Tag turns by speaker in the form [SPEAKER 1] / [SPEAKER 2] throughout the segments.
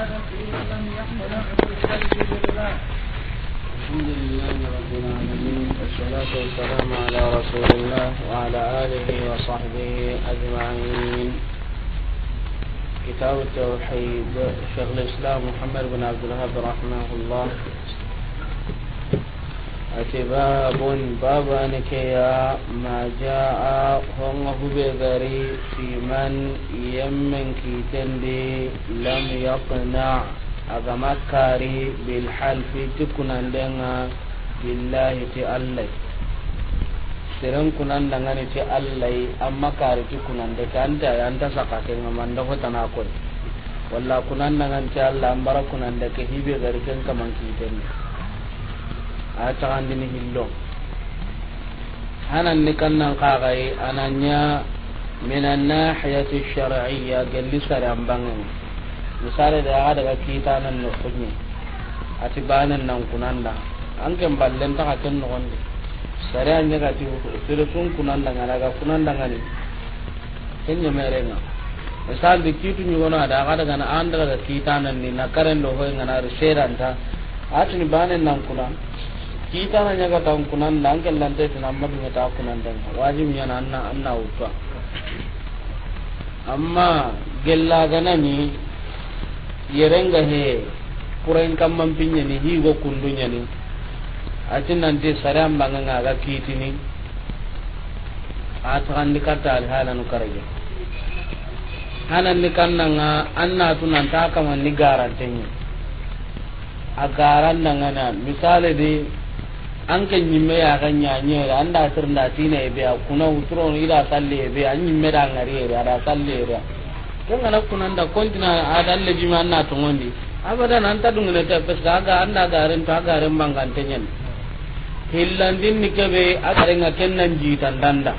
[SPEAKER 1] الحمد
[SPEAKER 2] لله رب العالمين والصلاة والسلام على رسول الله وعلى آله وصحبه أجمعين كتاب التوحيد شيخ الإسلام محمد بن عبد الوهاب رحمه الله ati babun babu anakeya ma jaa honga hube gari siman yemmen kitendi lam yaqna agama kari bilhalfi tikunandenga billahi ti allai seren kunan dangane ti allai allah amma kari tikunande ta ta saka anta anta sakakenga mandakotana koy walla kunan dangan ti allah an bara kunande ke hibe gari ken kaman kitendi a taxandini hillo hanan ni kannan kaxaye ananya min annahiyati sharciya gelli sare an bangen misali da aga daga kiitanan no kunye ati banan nan kunanda anke ken ballen taxa ken noxondi sare a ñagati sere sun kunandangani aga kunandangani ken ñamerenga misali di kitu ñugono ada aga dagana an daga kitanan ni nakaren karen do hoyngana ri seranta atini banen nan kunan kita na nyaga tan kunan da ankel lan te tan amma dinga ta kunan dan wajibi nyana, anna anna wuta amma gella gana ni yerenga he kurain kamman pinya ni hi go kundunya ni atin nan te saram banga ngaga kitini atakan dikata al halan karaje hanan ni kannanga anna tunan ta kaman ni garantenya a garan nan ana misali dai an da yaxa da anda sirnda e tina biya kuna huturon ida salle e an a mai da ngari e biya da salle yere kengana kunanda kontina an na tun wani abadan anta dungenete parce que aga anda garento a ta garin ñen hillandin ni kebe a a kennan nan danda.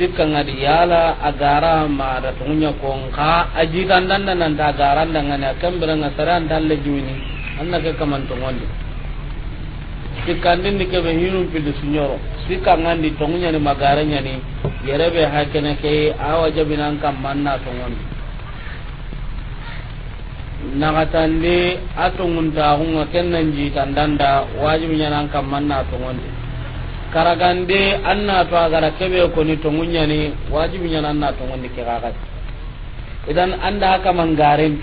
[SPEAKER 2] sikkangadi yala agara mada tugunya konka ajitandanda nanta agarandangani akembirenga sare antalle jiwini annake kamantogondi sikkandindi keɓe hinum pilli suñoro sikkangandi toguñani magareñani yerebe hakene ke awa jabinan kammanna togondi nagatandi a toguntagunga kennan jitandanda wajibiñanan kammanna togondi karagande anna to agara kebe ko ni to ni wajibi nyana anna to ngondi ke gagat idan anda aka mangaren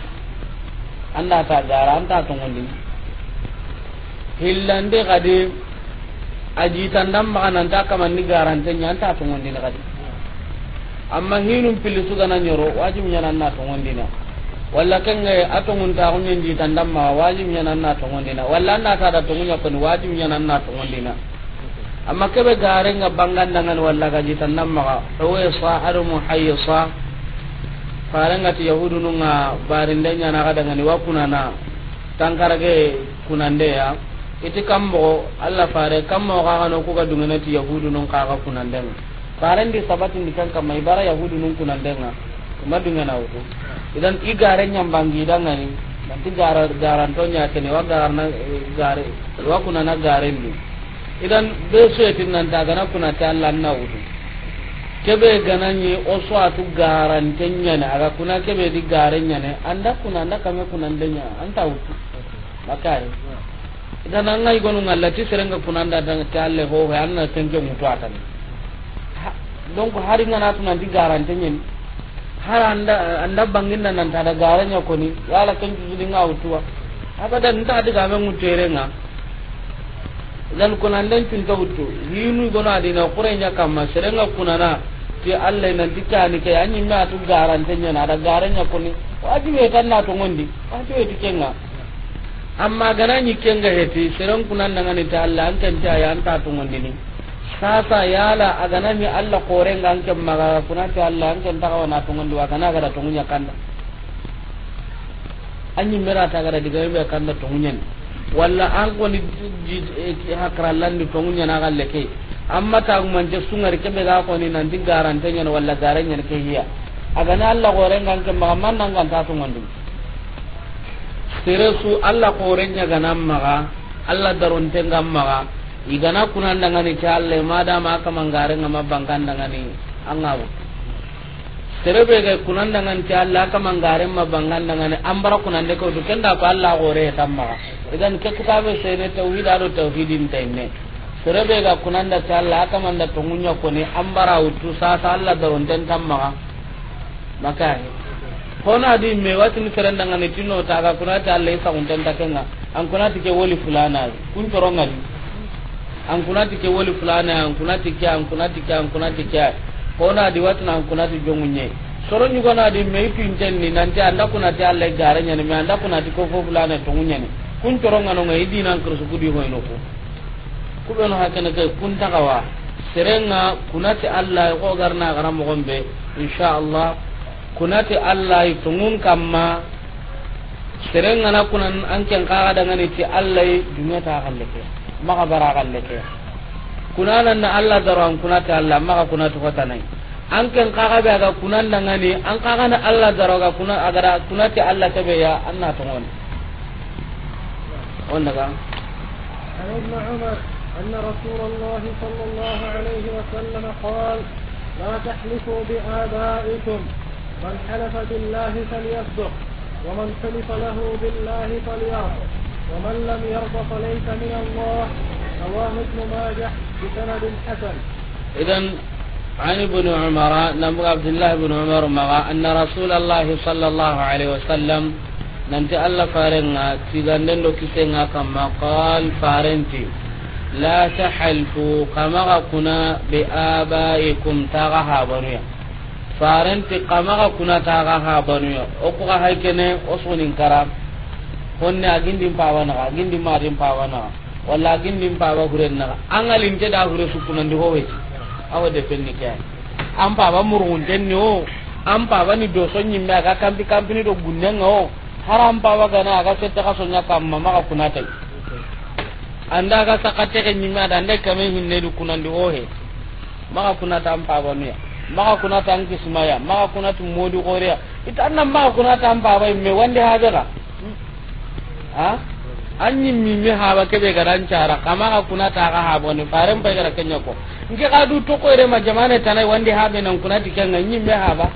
[SPEAKER 2] anda ta gara anda to ngondi hillande gade aji tandam magana ta aka ni garante nya ta to ngondi na gade amma hinum pili suga na nyoro wajibi nyana anna to ngondi na walla ngai ato ngunta ko nyen ji tandam ma wajibi nyana anna to ngondi na walla anda ta da to ngunya ko ni wajibi nyana anna to ngondi na amma keɓe garenga bangandangani walla ga jitannan maga owe sa adamu hayye sa farengati yahudu nunga barindeñanagadangani wa kunana tankarage kunandeya iti kammogo allah fare kammogo kagano kuga dungenati yahudu nun kaga kunandenga farendi sabatindi ken kamma ibara yahudu nun kunandenga uma dungenawutu idan i garenñam bangidangani nanti garantoñatene wa garna gare wa kunana garendi idan be suyetin nan ta gana kuna ta Allah na wudu kebe gananye o so atu garanten nyane aga kuna kebe di garen nyane anda kuna anda kame kuna ndenya anta wudu makare idan an ngai gonu ngallati serenga kuna anda dan ta Allah ho ha anna tenke mutu atan donc hari ngana tuna di garantin yana har anda anda bangin nan ta da garanya koni wala kan judi ngautuwa abadan ta diga men muterenga dan kunanden cunta wuttu hinu gono adina kurenya kamma serenga kunana ti allah nan ni ke anyi ma tu garantenya na da garanya kuni waji me kan na tungundi waji wati we tikenga amma gananyi kenga heti seren kunan nan ni ta allah an kan ta ya an ta to ngondi ni sasa yala mi allah korenga an kan maga ta allah an kan ta ka na tungundi wa kana ga da to kanda anyi mera ta ga da diga be kanda to ngunya ni wala an koni eh, na galle ke amma tagumance ke be ga koni di garante nyen wala garan nyen ke hiya na allah korengan ke ma man nan ta tungandum di. su allah ma ga allah ma ga igana kunandangani ke allah madama nan mabankandangani anga wutu serebe ga kunan da ngan ta Allah ka mangaren ma bangan da ngan an bara kunan da ko dukan da ko Allah gore tamma idan ka kitabe sai ne tauhid aro tauhidin tainne serebe ga kunan da ta Allah ka manda tungunya ko ne an bara utu sa ta Allah da ronden tamma maka na di me watin karen da ngan tino ta ga kunan ta Allah sa unten ta kenga an kunan ke woli fulana kun toronga an kunan ke woli fulana an kunan ke an kunan ke an kunan ke kona di watu kuna kunati jongunye soro nyugo kona di me pintenni nanti anda kunati alle garanya ni me anda kunati ko fo fulana tongunye ni kun toro ngano ngai di nan kursu kudi ho ino ko kubono kana ke kun kawa serenga ti alla ko garna garam mo gombe insha Allah ti alla tungun kamma serenga na kuna an kan kaga daga ni ti alla dunya ta kalleke maka bara halleke kunanan na Allah daran kunata Allah maka kunata kota nai an kan kaga be aga kunan da ngani an kaga na Allah daroga kuna agara kunati Allah tabe ya anna to ngon on daga
[SPEAKER 1] ibn Umar أن رسول الله صلى الله عليه وسلم قال لا تحلفوا بآبائكم من حلف بالله فليصدق ومن حلف له بالله فليصدق ومن لم يرض فليس من الله رواه ابن ماجه بسند حسن
[SPEAKER 2] إذا عن ابن عمر نبغى عبد الله بن عمر مغا أن رسول الله صلى الله عليه وسلم nanti allah farenga tiganden do kisenga kamma qal farenti la tahalfu kamaga kuna bi abaikum taga habanuya farenti kamaga kuna taga habanuya okuga haykene osonin karam honne agindin pawa naga agindin marin pawa naga a agindin pawa huren naga angalin ke da hure sukunandi ho weti awa de ni ke an pawa murun ni o an pawa ni do so nyimme aga kampi kampi ni do gunnenga o haram pawa gana aga sette ka sonya kamma maka kunata anda aga sakate ke nyimme ada ande kame hinne di kunan di hoye maka kunata an pawa nuya maka kunata an kismaya maka kunata modu ita itanna maka kunata an pawa imme wande hajara ha anyi ba haba kebe garan cara kama ka kuna ta ka ha boni faran bai gara kenya ko nke ka du to ko re ma jamane tanai wande habe nan kuna ti kenga nyi me haba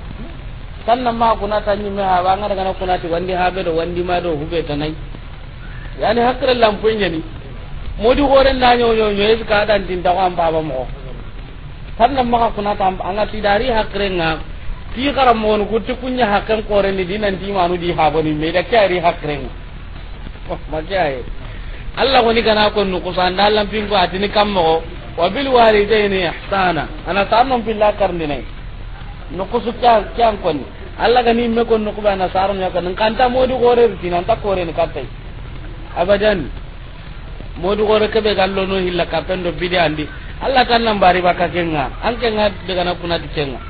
[SPEAKER 2] sannan ma kuna ta nyi me haba ngara kana kuna ti wande habe do wande ma do hube tanai yani hakra lampoin yani modi horen na nyo nyo nyo es ka dan tin ta ko am baba mo sannan ma ka kuna ta anga ti dari hakre nga ti karam mo ku ti kunya hakan ko re ni dinan ti manu di ha boni me da kari hakre nga maka ay Allah ko ni kana ko nu kusan dalam pingo atini kammo wa bil walidaini ihsana ana tanon billa karni nay nu kusu kyan kyan ko ni Allah ga ni me ko nu kuba na sarum ya kan kanta modi gore tinan ta kore ni kantai abadan modi gore kebe gallo no hilla kapendo bidi andi Allah tan nan bari baka kenga an kenga daga na kuna dikenga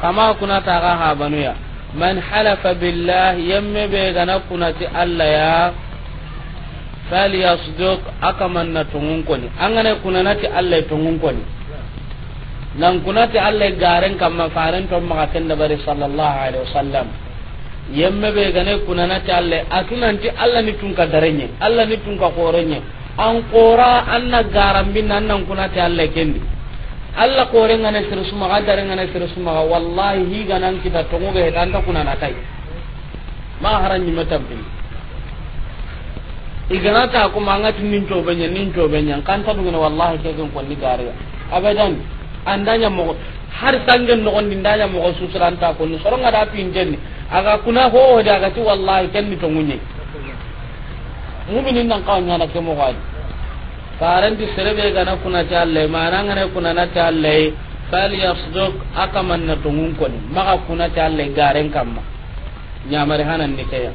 [SPEAKER 2] kama kuna ta ga ha banuya man halafa billahi yemme be gana kunati allah ya falyasduk akamanna tungun koni angane kunanati allah tungun koni nan kunati allah garen kamma faren to maka kenda bari sallallahu alaihi wasallam yemme be gane kunanati allah akinanti allah ni tunka darenye allah ni tunka korenye an kora anna garambin nan nan kunati allah kendi alla kore ngana sir suma ga dare ngana sir suma wallahi hi ganan kita tongo be dan ta kunana kai ma haran ni matabbi igana ta kuma ngati nin to benya nin to benya kan ta dungana wallahi ke gon ni gare abadan andanya mo har sangen no on dindanya mo susuran ta konni soronga da pinjen aga kuna ho daga ti wallahi ken ni tongunye mu'minin nan kawanya na ke mo gaji farenti serebe gana kuna talle mana ngana kuna na talle fal yasduk akaman na tungun koni maka kuna talle garen kamma nyamar hanan ni kaya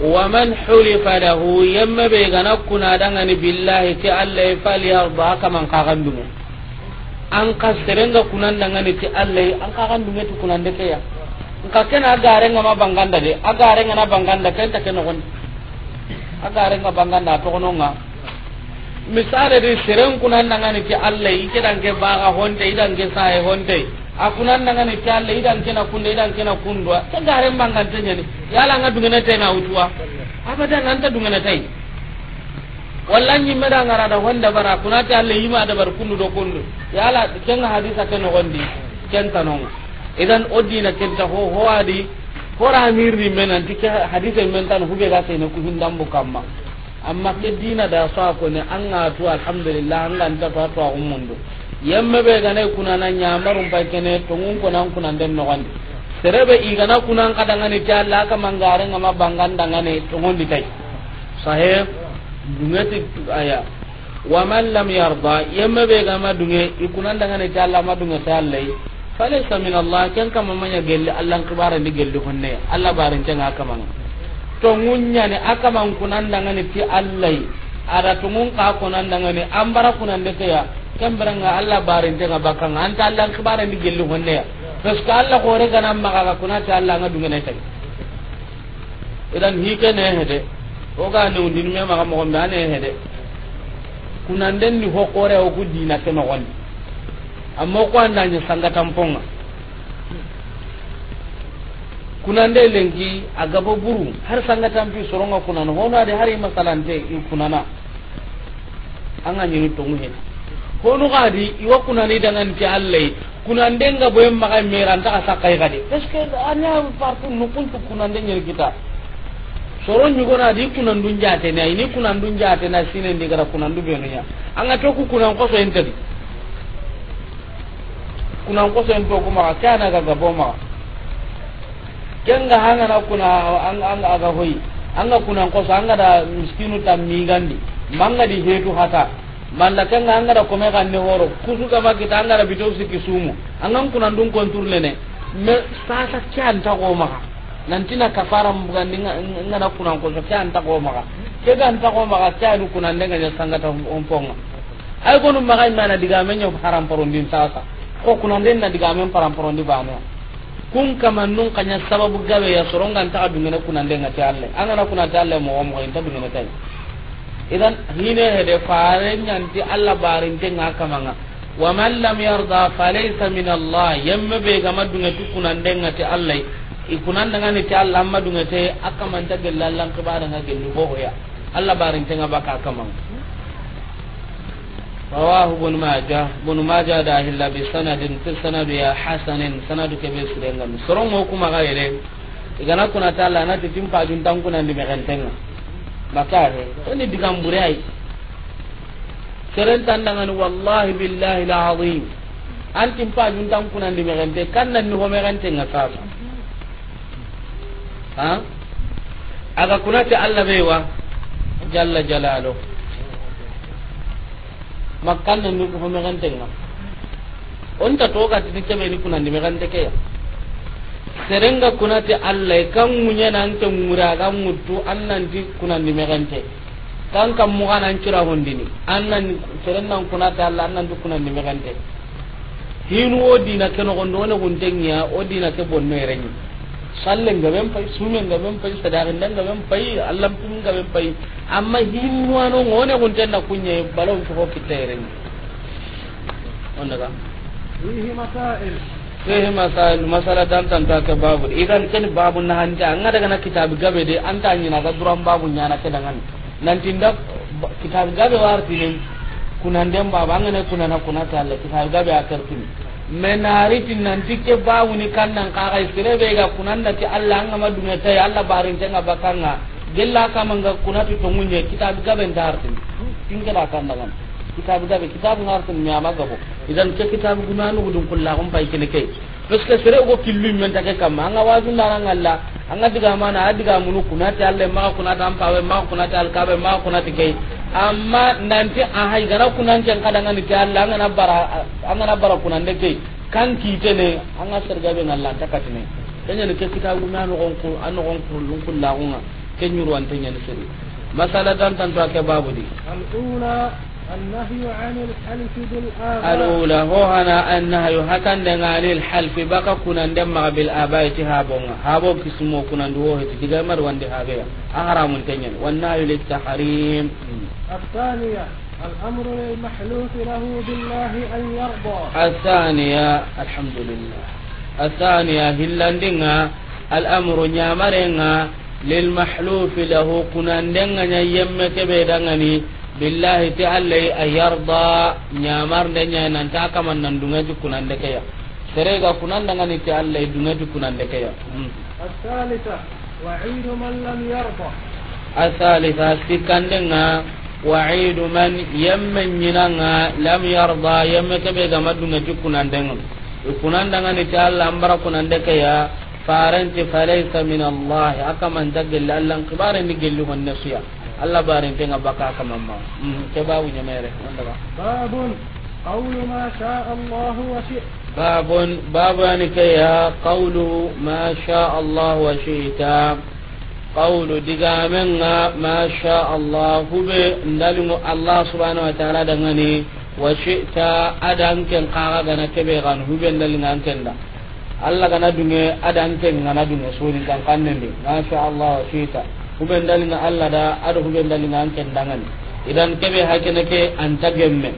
[SPEAKER 2] wa man hulifa lahu yamma be gana kuna dangani billahi ti alle fal yarda akaman kagandumu an ka serenga kunan ni ti alle an kagandumu ti kunan de kaya nka kena garenga ma banganda de agarenga na banganda kenta kenogon agarenga banganda to kononga misale de seren kunan nanga ni ke alle ike dan ke baga honte idan ke sahe honte akunan nanga ni ke alle idan ke na kunde idan ke na kundwa ta garen bangan tanya ni yala nga dungana tay na utuwa abada nan ta dungana tay wallan yimme da ngara da honda bara kunati alle yima da bar kundu do kundu yala ken hadisa ken gondi ken tanong idan odina ken ta ho ho adi hora mirri menan tike hadisa men tan hubega na ku hindam kamma amma ke dina da so ko ne an ga to alhamdulillah an ga ta to ummun do yamma be ga ne kuna nan ya marun ke ne to mun ko nan kuna den no i ga na kuna an kada ngani ta Allah ka mangare ngama bangan dangane to ngondi tai sahe dungati aya wa man lam yarda yamma be ga ma dunge ikunan dangane ta Allah ma dunge ta Allah falaysa min Allah kan kama manya gelle Allah kibara ni gelle honne Allah barin tan haka manga to tongunyani akaman kunandangani ti allai ada tungun ka kunandangani ambara kunande ya kembranga allah barinte ga bakanga anta allah kibare ni gelli honne ya parce que allah hore ga nan maga kunan ta allah ga dungene tay idan hi ke ne hede o ga ne undin me maga mo ngana ne hede den ni hokore o gudina ke no amma ko andanya sangatan ponga kunande lengi agaba buru har sanga tampi soronga kunana hono ade hari masalante i kunana anga nyini tongu he hono gadi iwa kunani dangan ti allai kunande nga boyem makai meran ta sakai gadi eske anya partu nukun tu kunande nyeri kita soron nyugo na di kunandu njate na ini kunandu njate na sine ndigara kunandu beno ya anga to ku kunan koso entedi kunan koso ento kuma kana ga gaboma kenga hanga na kuna anga aga hoyi anga kuna koso anga da miskinu tammi gandi manga di hetu hata kenga anga da kome horo anga da bito sumu anga kuna me sasa kyan ta goma nanti na kafara mbugandi nga na kuna kyan ta goma goma kyan kuna ndenga ya sangata umponga ay gonu mana haram porondin sasa ko kuna porondi kun kama nun kanya sababu gabe ya soronga ta kuna kunande ngati alle kuna kunante alle mo mo inta ne tay idan hine hede fare nyanti alla te nga kamanga wa man lam yarda laysa min allah yamma be gama kuna tukunande ngati alle ikunanda ngani ti alla amma dunga te akamanta gelallan kibara nga gelu bohoya alla te nga baka nga. رواه بن ماجه بن ماجه ده إلا بسند في يا حسن سند كبير سرنا سرون وكما غيره إذا نكون تعالى نتي تنفع جنتان كنا نمغنتنا makare oni digam burai seren ni wallahi billahi alazim antin pa jun tan kunan di merente kannan ni ho merente ngasasa ha aga kunati alla bewa jalla jalaluhu makkan nan ni ko ho megan tenga on ta to ga tin kebe ni kunan ni megan te ke ya serenga kunati allah kan munya nan te mura ga mutu annan di kunan ni megan te kan kan mu kanan cira hondini annan serenga kunati allah annan di kunan ni megan te hinu wo dina ke ne gunteng ya odi na ke bonno erenyi salle ngaben pay sume ngaben pay sadarinda ngaben pay allampum ngaben pay amma hinnuwano ngone na kunye balaw cuko kittayrenni on daga fihi masail masala dan tan ta ka babu idan ken babu na hanta an ga daga na kitab gabe de an ta nyina ga duran babu nyana ke dangan nan tinda kitab gabe warti ne kunan dem baba an ne kunan na kunan ta Allah kitab gabe a kartin menari tin nan tike babu ni kan nan ka ga sire be ga kunan da ti Allah an ma dunga ta Allah barin ta ga bakanga gella kamanga kunati munye kitab gabe ndartin tinke da kan dagan kitab gabe kitab hartin mi amaga bo idan ke kitab gumanu gudun kullahum bai kene kai peske sere go killu men ta ke kam anga wazu naranga ngalla anga diga mana adiga munu kunati alle ma kunati am pawe ma kunati al kabe ma kunati kai amma nanti a gara kunan ken kadanga ni alla anga nabara bara anga nabara bara kunan de kai kan ne anga sergabe ngalla takatine kanya ne ke kitab gunanu gon ku an gon ku ken nyuru antin yan sir masala dan tan to ke babu di
[SPEAKER 1] alula
[SPEAKER 2] ho hana annaha yu hatan da ngalil halfi baka kunan dan ma bil habon habo kismo kunan do he ti ga ha haramun tan yan wanna yu lit tahrim
[SPEAKER 1] athaniya الأمر للمحلوف له بالله أن يرضى الثانية
[SPEAKER 2] الحمد لله الثانية هلا للمحلوف له كنا ندنا يمك بيدغني بالله تعالى أيرضى نيامر دنيا ننتا كما نندنا كنا ندكيا سريغا كنا ندنا تعالى دنا كنا ندكيا
[SPEAKER 1] الثالثة وعيد من لم يرضى
[SPEAKER 2] الثالثة سكندنا وعيد من يمن ينغا لم يرضى يمك بيدغما دنا كنا ندنا كنا ندنا تعالى أمبر كنا ندكيا farenti falaysa min allah akaman dagelle allan kibare ni gelli honne suya allah barente nga baka kamamma ke babu nyamere ondaga
[SPEAKER 1] babun qawlu ma sha allah wa shi
[SPEAKER 2] babun ke ya qawlu ma sha allah wa shi'ta qawlu digamenga ma sha allah hube allah subhanahu wa ta'ala dangani wa adan ken kaga kebe allah gana dunge adan ken ngana dunge suni kan kannen de masha allah shita huben dalinga allah da ado huben dalinga an ken dangan idan kebe hakene ke anta gemme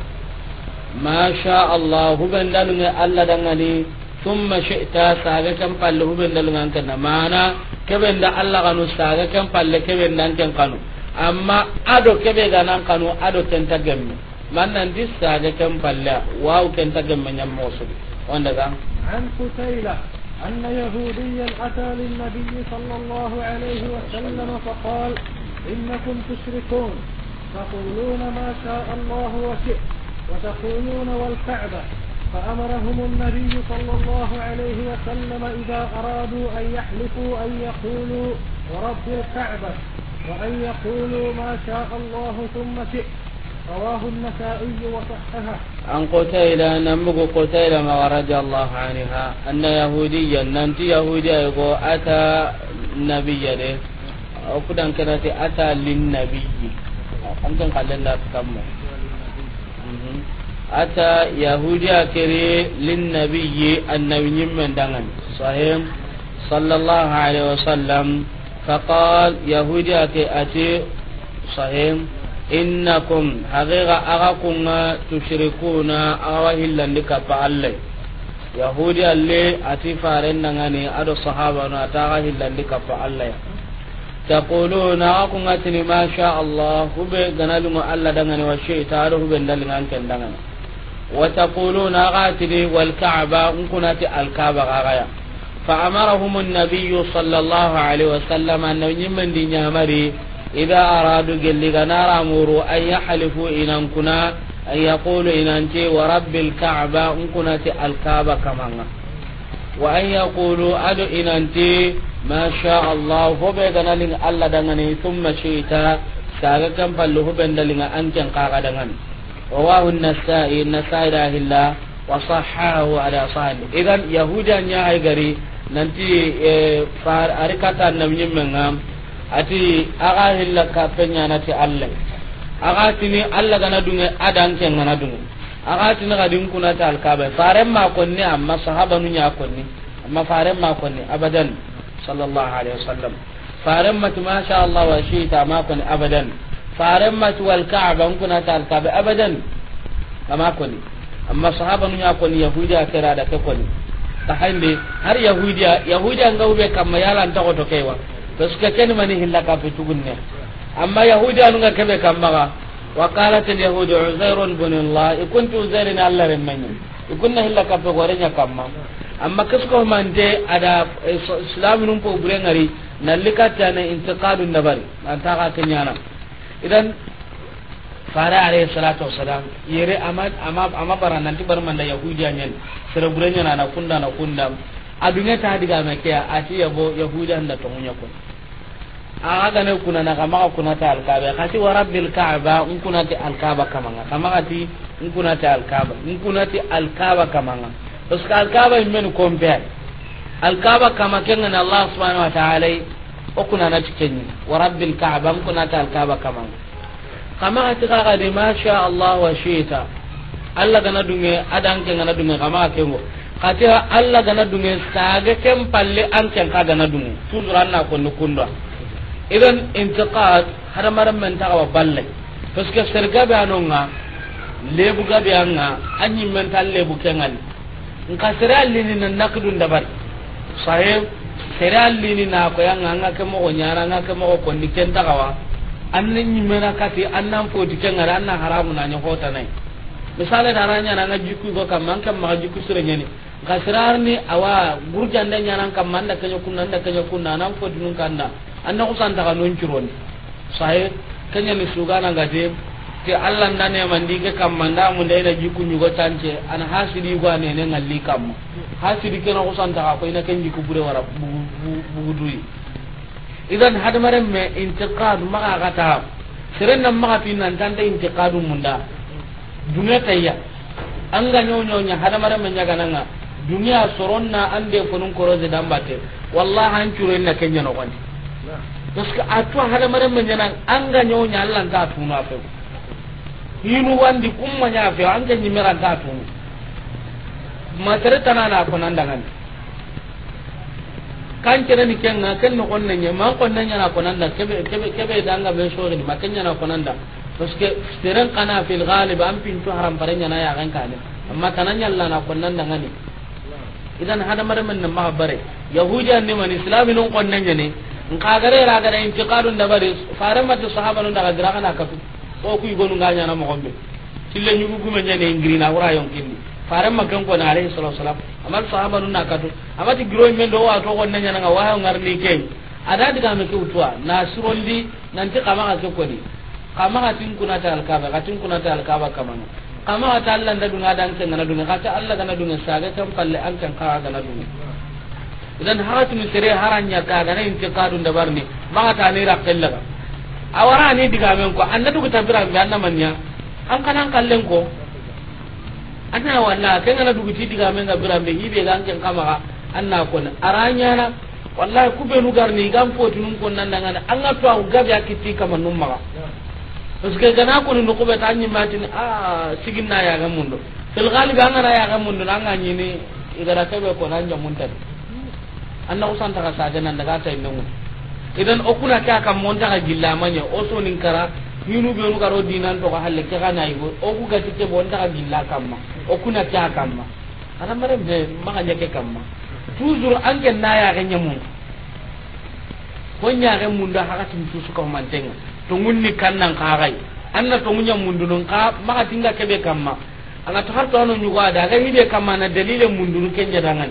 [SPEAKER 2] masha allah huben dalinga allah dangani thumma shi'ta saga kan palle huben dalinga an kenna mana kebe da allah kanu saga kan palle kebe nan ken kanu amma ado kebe ganan kanu ado ken ta gemme man nan dis saga kan palle waw ken ta gemme nyam mosudi onda ga
[SPEAKER 1] عن قتيلة أن يهوديا أتى للنبي صلى الله عليه وسلم فقال إنكم تشركون تقولون ما شاء الله وشئت وتقولون والكعبة فأمرهم النبي صلى الله عليه وسلم إذا أرادوا أن يحلفوا أن يقولوا ورب الكعبة وأن يقولوا ما شاء الله ثم شئت رواه النسائي وصححه
[SPEAKER 2] عن قتيلة نمك قتيلة ما رضي الله عنها أن يهوديا ننت يهوديا يقول أتى نبيا له أكدن كانت أتى للنبي أمتن قال لنا تكمل أتى يهوديا كري للنبي النبي من دعن صحيح صلى الله عليه وسلم فقال يهوديا أتي صحيح innakum haqiqa aga kunga tushrikuna awa hillandi kappa allai yahudi alle ati farendangani ado sahabano ata aga hillandi kappa allaya taquluna aga kunga tini ma sha allah hube ganalungo allah dangani wa shita ado hube ndalingan kendangani wa taquluna aga tini wal ka'ba unkunati al ka'ba gagaya fa amarahum an-nabiy sallallahu alaihi wasallam an nabiy man di nyamari ida aradu gelli gana ramuru an halifu inan kuna an yaqulu inan ce wa rabbil ka'ba in kuna ti alkaba kamanga wa an yaqulu adu inan ce ma sha Allah ho be gana ling Allah dangane thumma ta kaga kan fallu ho ben dalinga an kan kaga dangane wa hun nasai nasai rahilla wa sahahu ala sahib idan yahudan ya ay gari nanti far arikata namnyimmengam ati aga hilla ka penya na ti allah aga tini allah gana dunga adan ken gana dunga aga tini ga din kuna ta alkaba faren ma konni amma sahaba nu nya konni amma faren ma konni abadan sallallahu alaihi wasallam faren ma ti masha allah wa shi ta ma konni abadan faren ma ti wal ka'aba nu kuna ta alkaba abadan amma konni amma sahaba nu nya konni yahudi akira da ke konni ta hande har yahudiya yahudiya ngawbe kamma yalan ta goto kewa to suka kene mani hilla ka fitugunne amma yahudi anu ga kebe kammaga wa qalat al yahud uzair ibn allah ikuntu uzair na allah remmanyi ikunna hilla ka fe gorenya kamma amma kasko mande ada islam nun po bure ngari nallika tane intiqalu nabari anta ka kenyana idan fara alayhi salatu wassalam yere amad ama ama baran nanti bar manda yahudiya nyen sere bure nyana na kunda na kunda adunya ta diga meke ati yabo yahudiya nda tongunya ko aga ne kuna na kama kuna ta alkaba kasi wa rabbil kaaba un kuna ta alkaba nga kama ati un kuna ta alkaba un kuna ta alkaba kamanga to ska alkaba men kompe alkaba kama kenan allah subhanahu wa ta'ala o kuna na tikenni wa rabbil kaaba un kuna ta alkaba nga kama ati kaga de masha allah wa shita allah gana dunge adan na dunge kama kengo kati allah gana dunge sage kempalle an kenka gana dunge tuzura na ko nukunda idan intiqad hada maran man ta wa balle parce que serga be anonga lebu ga be anga anyi man ta lebu kengal nka sira lini nan nakdun dabar sahib sira lini na ko yanga anga ke mo nyara anga ke mo ko ni ken ta wa anni nyi mena kati annan fo di kengal annan haramu na nyo hota nai misale da ranya na ku go kam man kam ku sura nyani nka sira ni awa gurjan gurjanda nyaran kam man da kenyo kunna da kenyo kunna nan fo dunun kanda anna kusantaxa noncuroni sahe keñani gade ke allah nda mandi ke kamma nda mundaina jikku tanje tance hasidi ha ne ne ngalli kamma na ko kena ko ina ken jiku bure wara duyi idan hadamaren me intiqad maxa xata serenna maxa fi nantanta intiqadu munda dunya tayya an ga nya hadamaren me ñagananga dunya soronna an de fonun korose dambate wallahi an no kwani parce que atu hada mare men nyana anga nyo nya Allah ga tu na wan hinu wandi ma nya fe anga nyi mera ga tu matare na ko nan dangan kan kere ni na ken no nan ya ma kon nan ya na ko nan da kebe kebe kebe danga be shori ma ken nya na ko nan da parce que seren kana fil ghalib am pin tu haram barenya na ya kan kale amma tananya Allah na ko nan dangan idan hada mare men ma bare yahudiyan ne man islamin kon nan ya ne nkagare da intiqadun dabari mata sahaba nu daga kana katu ko ku igonu nga ñana mogonɓe tille ñugugume ñane ingirina wura yonkindi faremma ko na alayhi salatu wasalam amal sahaba nu na katu amati giroy men do nanya na wa wayo ngarni ke ada me ku tuwa na sirondi nanti ko ke kama kamaga tin ta alkaba kuna ta alkaba no kama ta allah nda dunga dan ke ngana dunga ta allah gana dunga saga kam palle an kan kaga gana dunga idan haratunu sere haranya ta ga nan intiqadun da barni maka ta ne rakalla ga awara ni diga men ko anna dugu tabira be anna manya an kanan kallen ko anna walla kai ngana dugu ti diga men ga bira be hibe ga an kama ga anna ko aranya na wallahi ku be nu garni gam tunun ko nan nan an ga to au ya kiti kama num maka parce que gana ko ni ko be ma tin a ah, sigin na ya ga mundo fil galibi an na ya ga mundo nan ga ni igara be ko nan jamun tabe anna ta ka sagana daga ta mun idan okuna ka kam monta ka gilla manya o nin kara yinu be nu garo dinan to ka halle ka na yugo o ga tike bon ta ka gilla kamma okuna ka kamma ana mare be maka nyake kamma toujours an ken na ya ga nyamu ko ga mun da haka tin su ka tenga to munni nan ka gai anna to munya dun ka maka tinga kebe kamma ana to har to anu nyugo ada ga hibe kamma na mun dun ken jadangan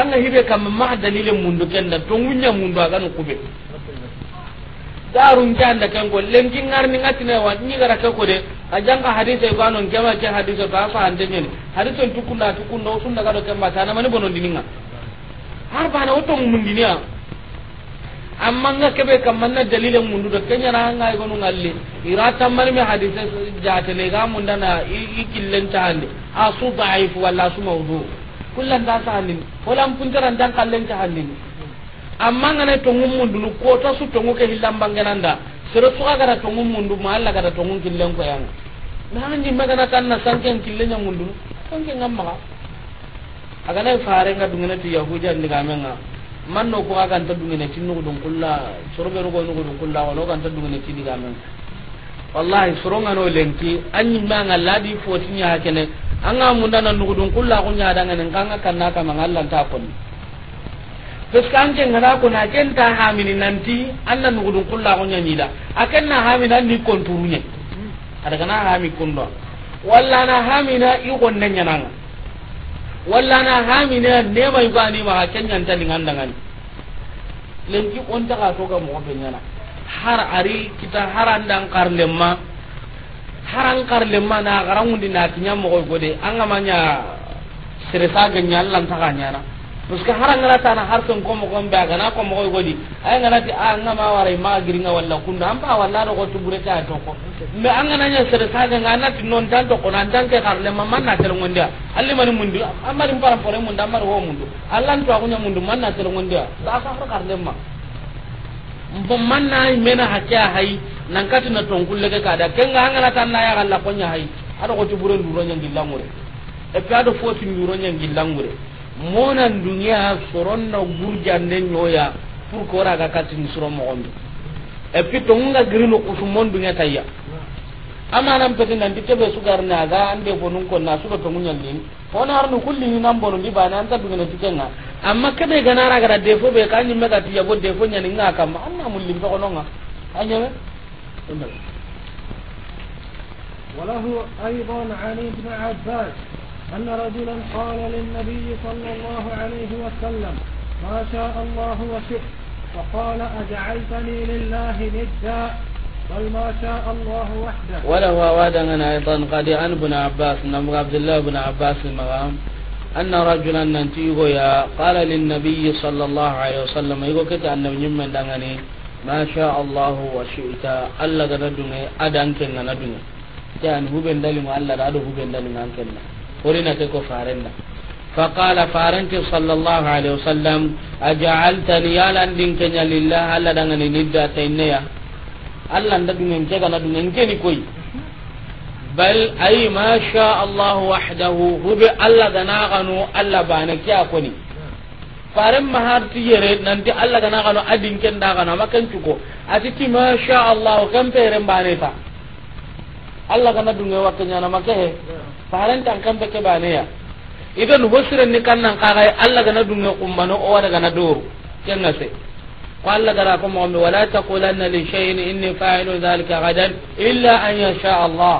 [SPEAKER 2] anga hibe kam ma dalile mundu kenda to ngunya mundu aga no kube darun da kan go lengi ngarni ngatine wa ni gara ka ko de ajanga hadisi ba non kema ke hadisi ba fa ande nyen hadise tukunda tukunda da ga do kemba tana mani bonon dininga har bana oto mundinia amma nga kebe na dalilin mundu kan kenya na nga go no ngalle irata mani me ja ta ne ga mundana ikillen ta hande asu da'if wala su mawdu' kullan ta ta hanni wala puntaran dan kallen ta hanni amma ngana to ngum mundu ko ta su to ngoke hillam bangenanda sero suka gara to ngum mundu ma alla gara to ngum killen ko yang na hanji magana tan na sanken killenya mundu sanke ngamma aga na fare nga dungene ti yahuja ni gamenga man no ko aga ta dungene tinno dun kullu sorbe no ko no dun kullu wala ga ta dungene ti gamenga wallahi sorongano lenki manga ladi fotinya hakene anga mundana nugudun kulla ku ñadangani nkanga kanna kama nga ta konni parce que ngara ngana na kenta hamini nanti anna nugudun kulla ku ñañida akenna kon anni ada kana hami kundo walla na hamina i gonne ñananga walla na hamina ma hakenya kenñantani ngandangani lenki ka to ga mo benyana har ari kita harandang karlemma haran karlemma na garangundi na kinya go gode anga manya sirisa ganya lan takanya na parce haran ngala tana har ton ko mo gombe aga na ko mo gode ay ngala ti anga ma wara ma giringa walla kunda am pa walla ro ko tubure ta to ko me anga na nya seresa ganga na ti non tan to ko nan tan ke karlemma man na tel ngondia alli mani mundu amari param pore mundu amari ho mundu allan to akunya mundu man na tel ngondia sa ka karlemma bon man na mena hakya hay nan katina ton kulle ke kada kenga hangana tan na ya galla konya hay ado ko tiburen duro nya ngillangure e pe ado foti duro nya ngillangure mona dunya soronno ne nyoya pour ko kati ni suro mo gombe e pi to nga girino usumon dunya tayya amma nan pe nan dikebe sugar na ga ande bonun ko na sudo to munyal ni hona harnu kulli ni nan diba nan ta dugina tikenga amma kebe ganara gara defo be kan nyimme ga tiya bo defo nyani nga kam anna mullim to kononga anyame
[SPEAKER 1] وله أيضا عن ابن عباس أن رجلا قال للنبي صلى الله عليه وسلم ما شاء الله وشئت فقال أجعلتني لله ندا بل ما شاء الله وحده وله
[SPEAKER 2] من أيضا قد عن ابن عباس نمر عبد الله بن عباس المغام أن رجلا ننتيه يا قال للنبي صلى الله عليه وسلم يقول كتا ان نمن دغني ما شاء الله وشئت ألا غندني أدان كنا ندني كان يعني هو بن دلم ألا رادو هو بن دلم أن كنا ورنا كيكو فارنا فقال فارنك صلى الله عليه وسلم أجعلتني يا لندن كنا لله ألا دغني ندا يا allah nda dungen jagana dungen keni koy bal ay ma sha allah wahdahu hube allah gana gano allah bana kiya koni faren yare yere ti allah gana gano adin ken da gano makan cuko ati ti ma sha allah kan pere bane ta allah gana dunga wakanya na he faren tan kan peke bane ya idan hosiren ni kan kannan kagai allah gana dunga kumbano o wada gana ken na se قال لك ولا تقولن لشيء إني فاعل ذلك غدا إلا أن يشاء الله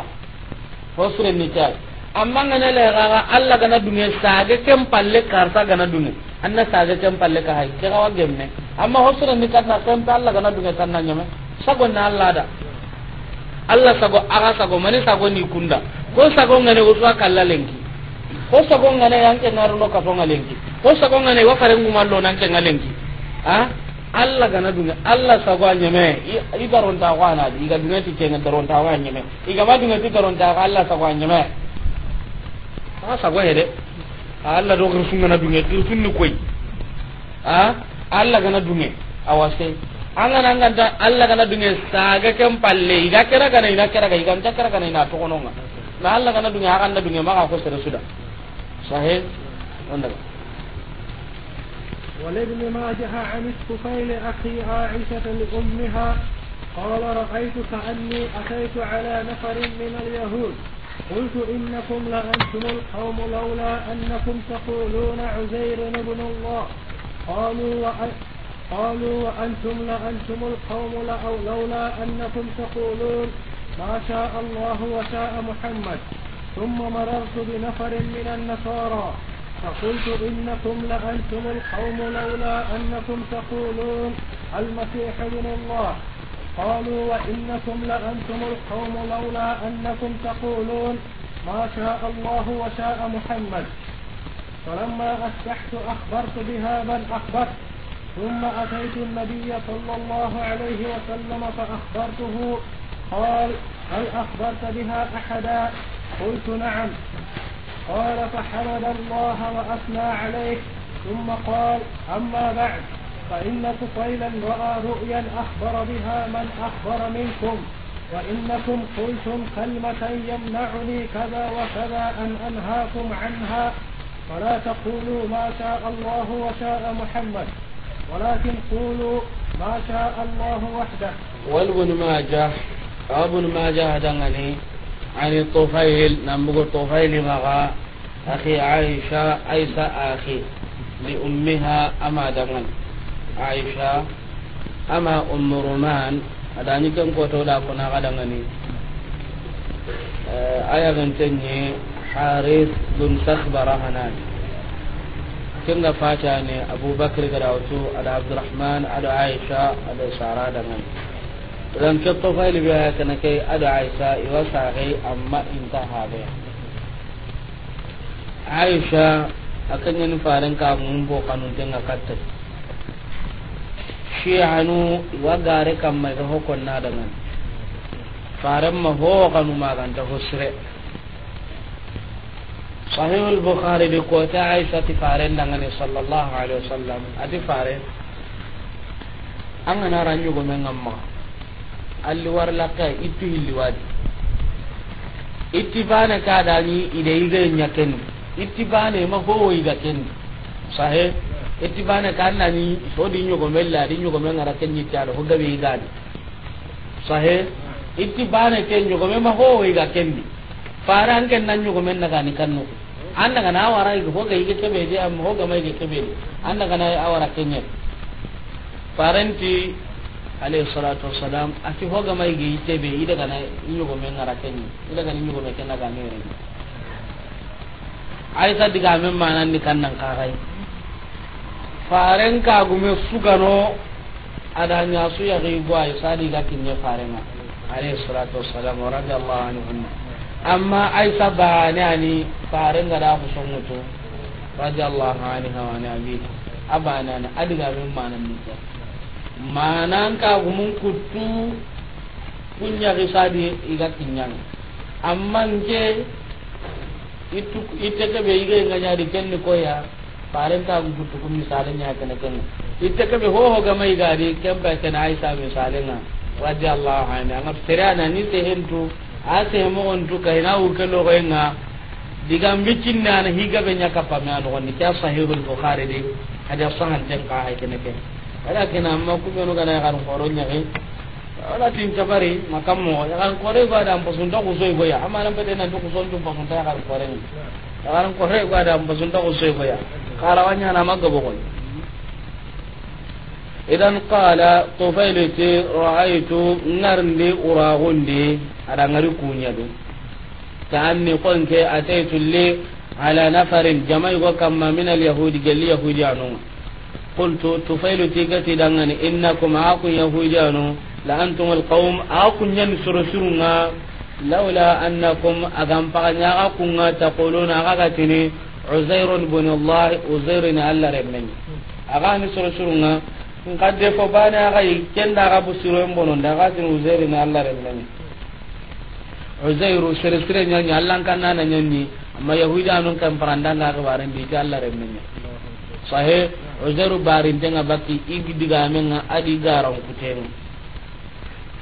[SPEAKER 2] فصل النتاج amma ngana la gana dunge sage kem palle karta gana dunge anna sage kem palle ka hay ke gawa gemme amma hosra ni kanna kem alla gana dunge tanna sago na alla Allah sago aga sago mani sago ni kunda ko sago ngane uswa kalla lengi ko sago ngane yanke naruno ka lengi ko sago ngane wa kare ngumallo nanke ngalengi ha Allah gana dunga alla sago nyeme i garonta ko na di ga dunga ti kenga garonta ko nyeme i ga dunga ti garonta ko alla sago anyeme ha sago hede Allah do ko gana dunga ti ni koy ha Allah gana dunga awase anga nanga da Allah gana dunga saga kem palle i ga kera gana ina kera ga i ga kera gana ina to kono nga na Allah gana dunga ha gana dunga ma ko sere suda sahe onda
[SPEAKER 1] ولابن ماجه عن الطفيل أخي عائشة لأمها قال رأيت كأني أتيت على نفر من اليهود قلت إنكم لأنتم القوم لولا أنكم تقولون عزير بن الله قالوا قالوا وأنتم لأنتم القوم لولا أنكم تقولون ما شاء الله وشاء محمد ثم مررت بنفر من النصارى فقلت إنكم لأنتم القوم لولا أنكم تقولون المسيح ابن الله قالوا وإنكم لأنتم القوم لولا أنكم تقولون ما شاء الله وشاء محمد فلما أصبحت أخبرت بها من أخبرت ثم أتيت النبي صلى الله عليه وسلم فأخبرته قال هل أخبرت بها أحدا قلت نعم قال فحمد الله وأثنى عليه ثم قال أما بعد فإن طفيلا رأى رؤيا أخبر بها من أخبر منكم وإنكم قلتم كلمة يمنعني كذا وكذا أن أنهاكم عنها فلا تقولوا ما شاء الله وشاء محمد ولكن قولوا ما شاء الله وحده
[SPEAKER 2] والابن ماجه ابن ماجه دعني عن الطفيل نمبر الطفيل مغا أخي عائشة أيسا أخي لأمها أما دمان عائشة أما أم رمان هذا كم قوتو لا كنا غدغني آية غنتني حارث بن سخبر هنان كنا فاتاني أبو بكر قراوتو على عبد الرحمن على عائشة على سارة دمان idan ke to fayli be ya kana kai ada aisha iwa sahi amma intaha be aisha akan yin faran ka mun bo kanun katta shi anu iwa gare kan mai hokon na da nan faran ma ho kanu maganta hosre aisha البخاري بقوة عائشة فارن دعاني صلى الله ati وسلم An فارن أنا نرى نجوم من أمّا alli warlaka ittu hilliwadi itti bane kadani ide iga ñakendi itti bane ma howo iga kendi sahe itti bane kannani hodi ñogome ladi ñogome ngara ke ñittaɗo ho gabe igani sahe itti bane ke ñogome ma howo iga kendi fare an ken nan ñogome ni kannuku an nagana awara ig hoga ige keɓedi am hogama ige keɓedi an nagana awara keñet parenti alayhi salatu wassalam ati hoga mai ge itebe ida kana nyugo men ngara kenni ida kana nyugo men kenna ga mere aisha diga men manan ni kannan karai faren ka gume sugano ada nya su ya ge go aisha diga faren farema alayhi salatu wassalam radiyallahu anhu amma aisha ba ne ani faren ga da ku son mutu radiyallahu anha wa nabi abana adiga men manan ni kannan manan ka gumun kuttu kunya ke sadi iga kinyan amma nke itu ite ke be iga nganya di kenni koya paren ka gumun kuttu kun misalan ya kana kana ite ke be ho ho ga mai ga di ken kempa kana aisha misalan na radiyallahu anha ngap serana ni te hentu ase mo on tu na u ke lo nga diga mbicinna na higa be nyaka pamya no ni kya sahihul bukhari de hada sahan tan ka hay kana kana ala kena amma ku benu kana kan koro ke ala tin cabari makam mo kan kore ba da ampa sunta ku soy boya amma nan bede nan ku son tu pa sunta kan kore ni kan kore ba da ampa sunta ku soy boya karawanya na bo bokon idan qala tufailati ra'aytu narni uragundi ada ngari kunya do tanni qonke ataytu li ala nafarin jama'i go kamma min al yahudi gali yahudi anuma qultu tufailu tigati dangani innakum akun yahujanu la antum alqawm akun yan surusurunga laula annakum agam paganya akunga taquluna agatini uzair ibn allah uzair ni alla remmen agani surusurunga nkadde fo bane agai kenda ga busiro embono daga tin uzair ni alla remmen uzairu sere sere nyanya allan kanana nyanyi amma yahudanu kan parandanga ga warandi ta alla remmen sahe uzaru barintenga bakki igidigamenga adi garankutenga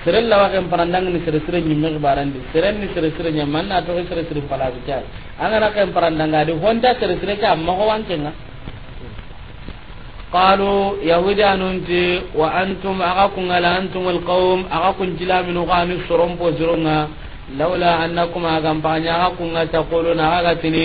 [SPEAKER 2] seren parandang ni sere sere ñimmeki barandi seren ni sere sere ñamma anna toxi sere sere palabicaa angana ken parandanga adi honda sere sere ke ammaxo wankenga قالوا يهودا أنت وأنتم أغاكم أنتم القوم أغاكم جلامين وغامي سرم بوزرنا لولا أنكم أغاكم أغاكم تقولون أغاكتني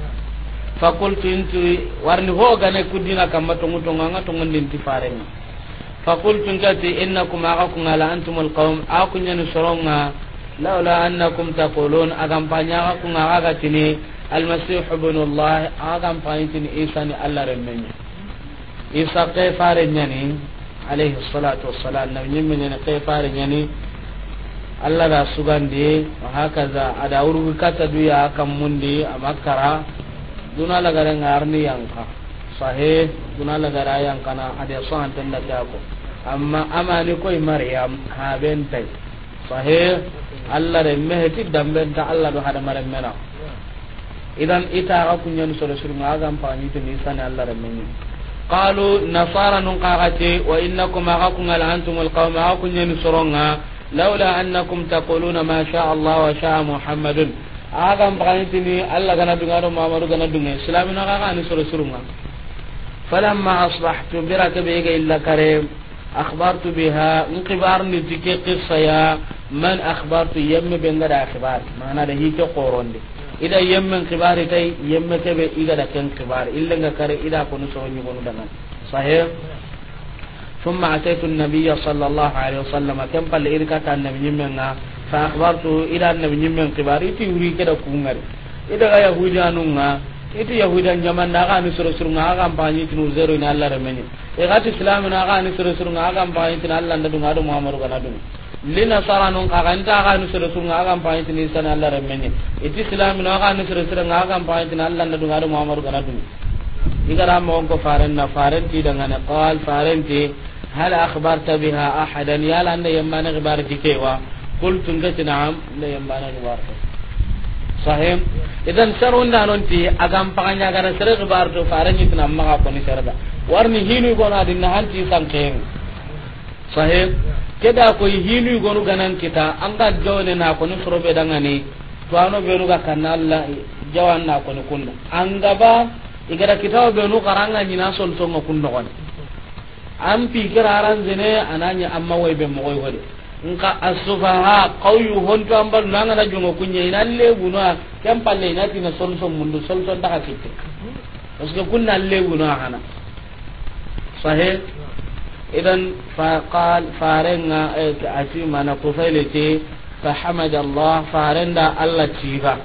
[SPEAKER 2] fakultu intu warni gane kudina kamma tongu tongu anga tongu ndinti farenga fakultu ngati innakum akakum ala antumul qawm akunyani soronga laula annakum taqulun agampanya akakum agatini almasih ibn allah tini isa ni allah remmenya isa kay ni alayhi salatu wassalam nabiyyimmenya kay ni allah da sugandi wa hakaza ada urugu kata duya kam mundi amakara duna lagare ngarni yanka sahih duna lagara yankana ade sohanten da kako amma amani koy maryam haɓentay sahih allah re dambe ta allah do hada maren mena idan ita itaxa kuñani soro surunga agan paxanitini sane allah re menni qalu nasara nun qaqati wa innakum axa al antum alqawm axa kuñani soronga laula annakum taquluna ma sha allah wa sha muhammadun aga mbagani tini alla gana dunga do mamadu gana dunga islamina ga ani soro surunga falamma asbahtu illa akhbartu biha ni tike qissa ya man akhbartu yemme akhbar da hike qoronde ida yemme qibari tay yemme kebe iga da ken illa nga kare ida dangan sahih fa akhbartu ila annabi nyimmen kibari ti wuri keda kungari ida ga yahudi anunga iti yahudan jaman da ga ni suru suru ga ga ampanyi zero ina Allah remeni e ga islam na ga ni suru suru ga ga ampanyi tinu kana dun lina saranun ka ga nda ga ni suru suru ga na ga ni suru suru ga ga ampanyi tinu Allah nda dunga do muhammadu kana dun igara mo ko faren na faren faren hal akhbarta biha ahadan yala anda kultu ngati na'am la yamana ni warto sahim idan sarun da non ti agam paganya gara sere bar to farani tna ma ko ni sarada warni hinu go na din hanti sanken sahim keda ko hinu go nu ganan kita anga jone na ko ni sorobe dangani to ano be nu ga kanalla jawan na ko ni kunda. anga ba igara kitaw be nu karanga ni na sol to ngo kunno ko an pi aran ran zene ananya amma way be mo goy nka asufaha qawyu honto ambar nanga na jongo kunye ina lebu na kem palle ina tina solso mundu solso ta kitte parce que kunna lebu na hana sahe idan fa qal farenga eh, ati mana kufaile te fa hamada allah farenda allah tiba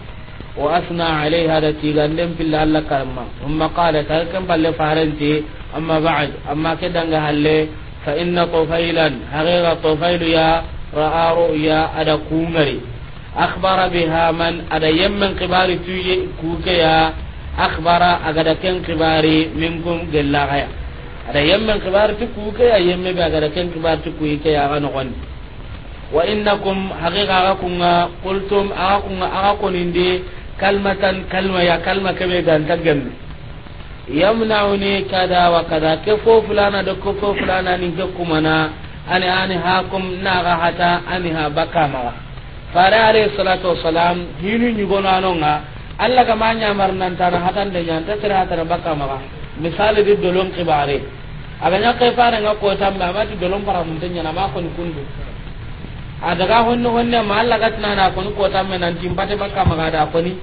[SPEAKER 2] wa asna alayha da tiganden pilla allah karma umma qala ta kem palle farenti amma ba'd amma kedanga halle fa inna tufailan haqiqa tufailu ya ra'a ru'ya ada kumari akhbara biha man ada yamman qibari tuje kuke ya akhbara agada ken qibari minkum gilla ya ada yamman qibari tuke ya yamme ba agada ken qibari tuke ya ga kalmatan kalma ya kalma kebe dan yamnauni kada wa kada ke fo fulana da ko fo fulana ni ke kumana ani ani hakum na ga hata ani ha baka ma fara alayhi salatu wassalam hinu nyugono anonga alla ga mar nan tan hatan de tara baka ma bakama misali di dolon qibare aga nya ke fara nga ko tamba ba di dolon para mun tanya na ma ko ni kundu adaga honno honne ma alla ga na ko ko tambe nan timpate ma ga da ko ni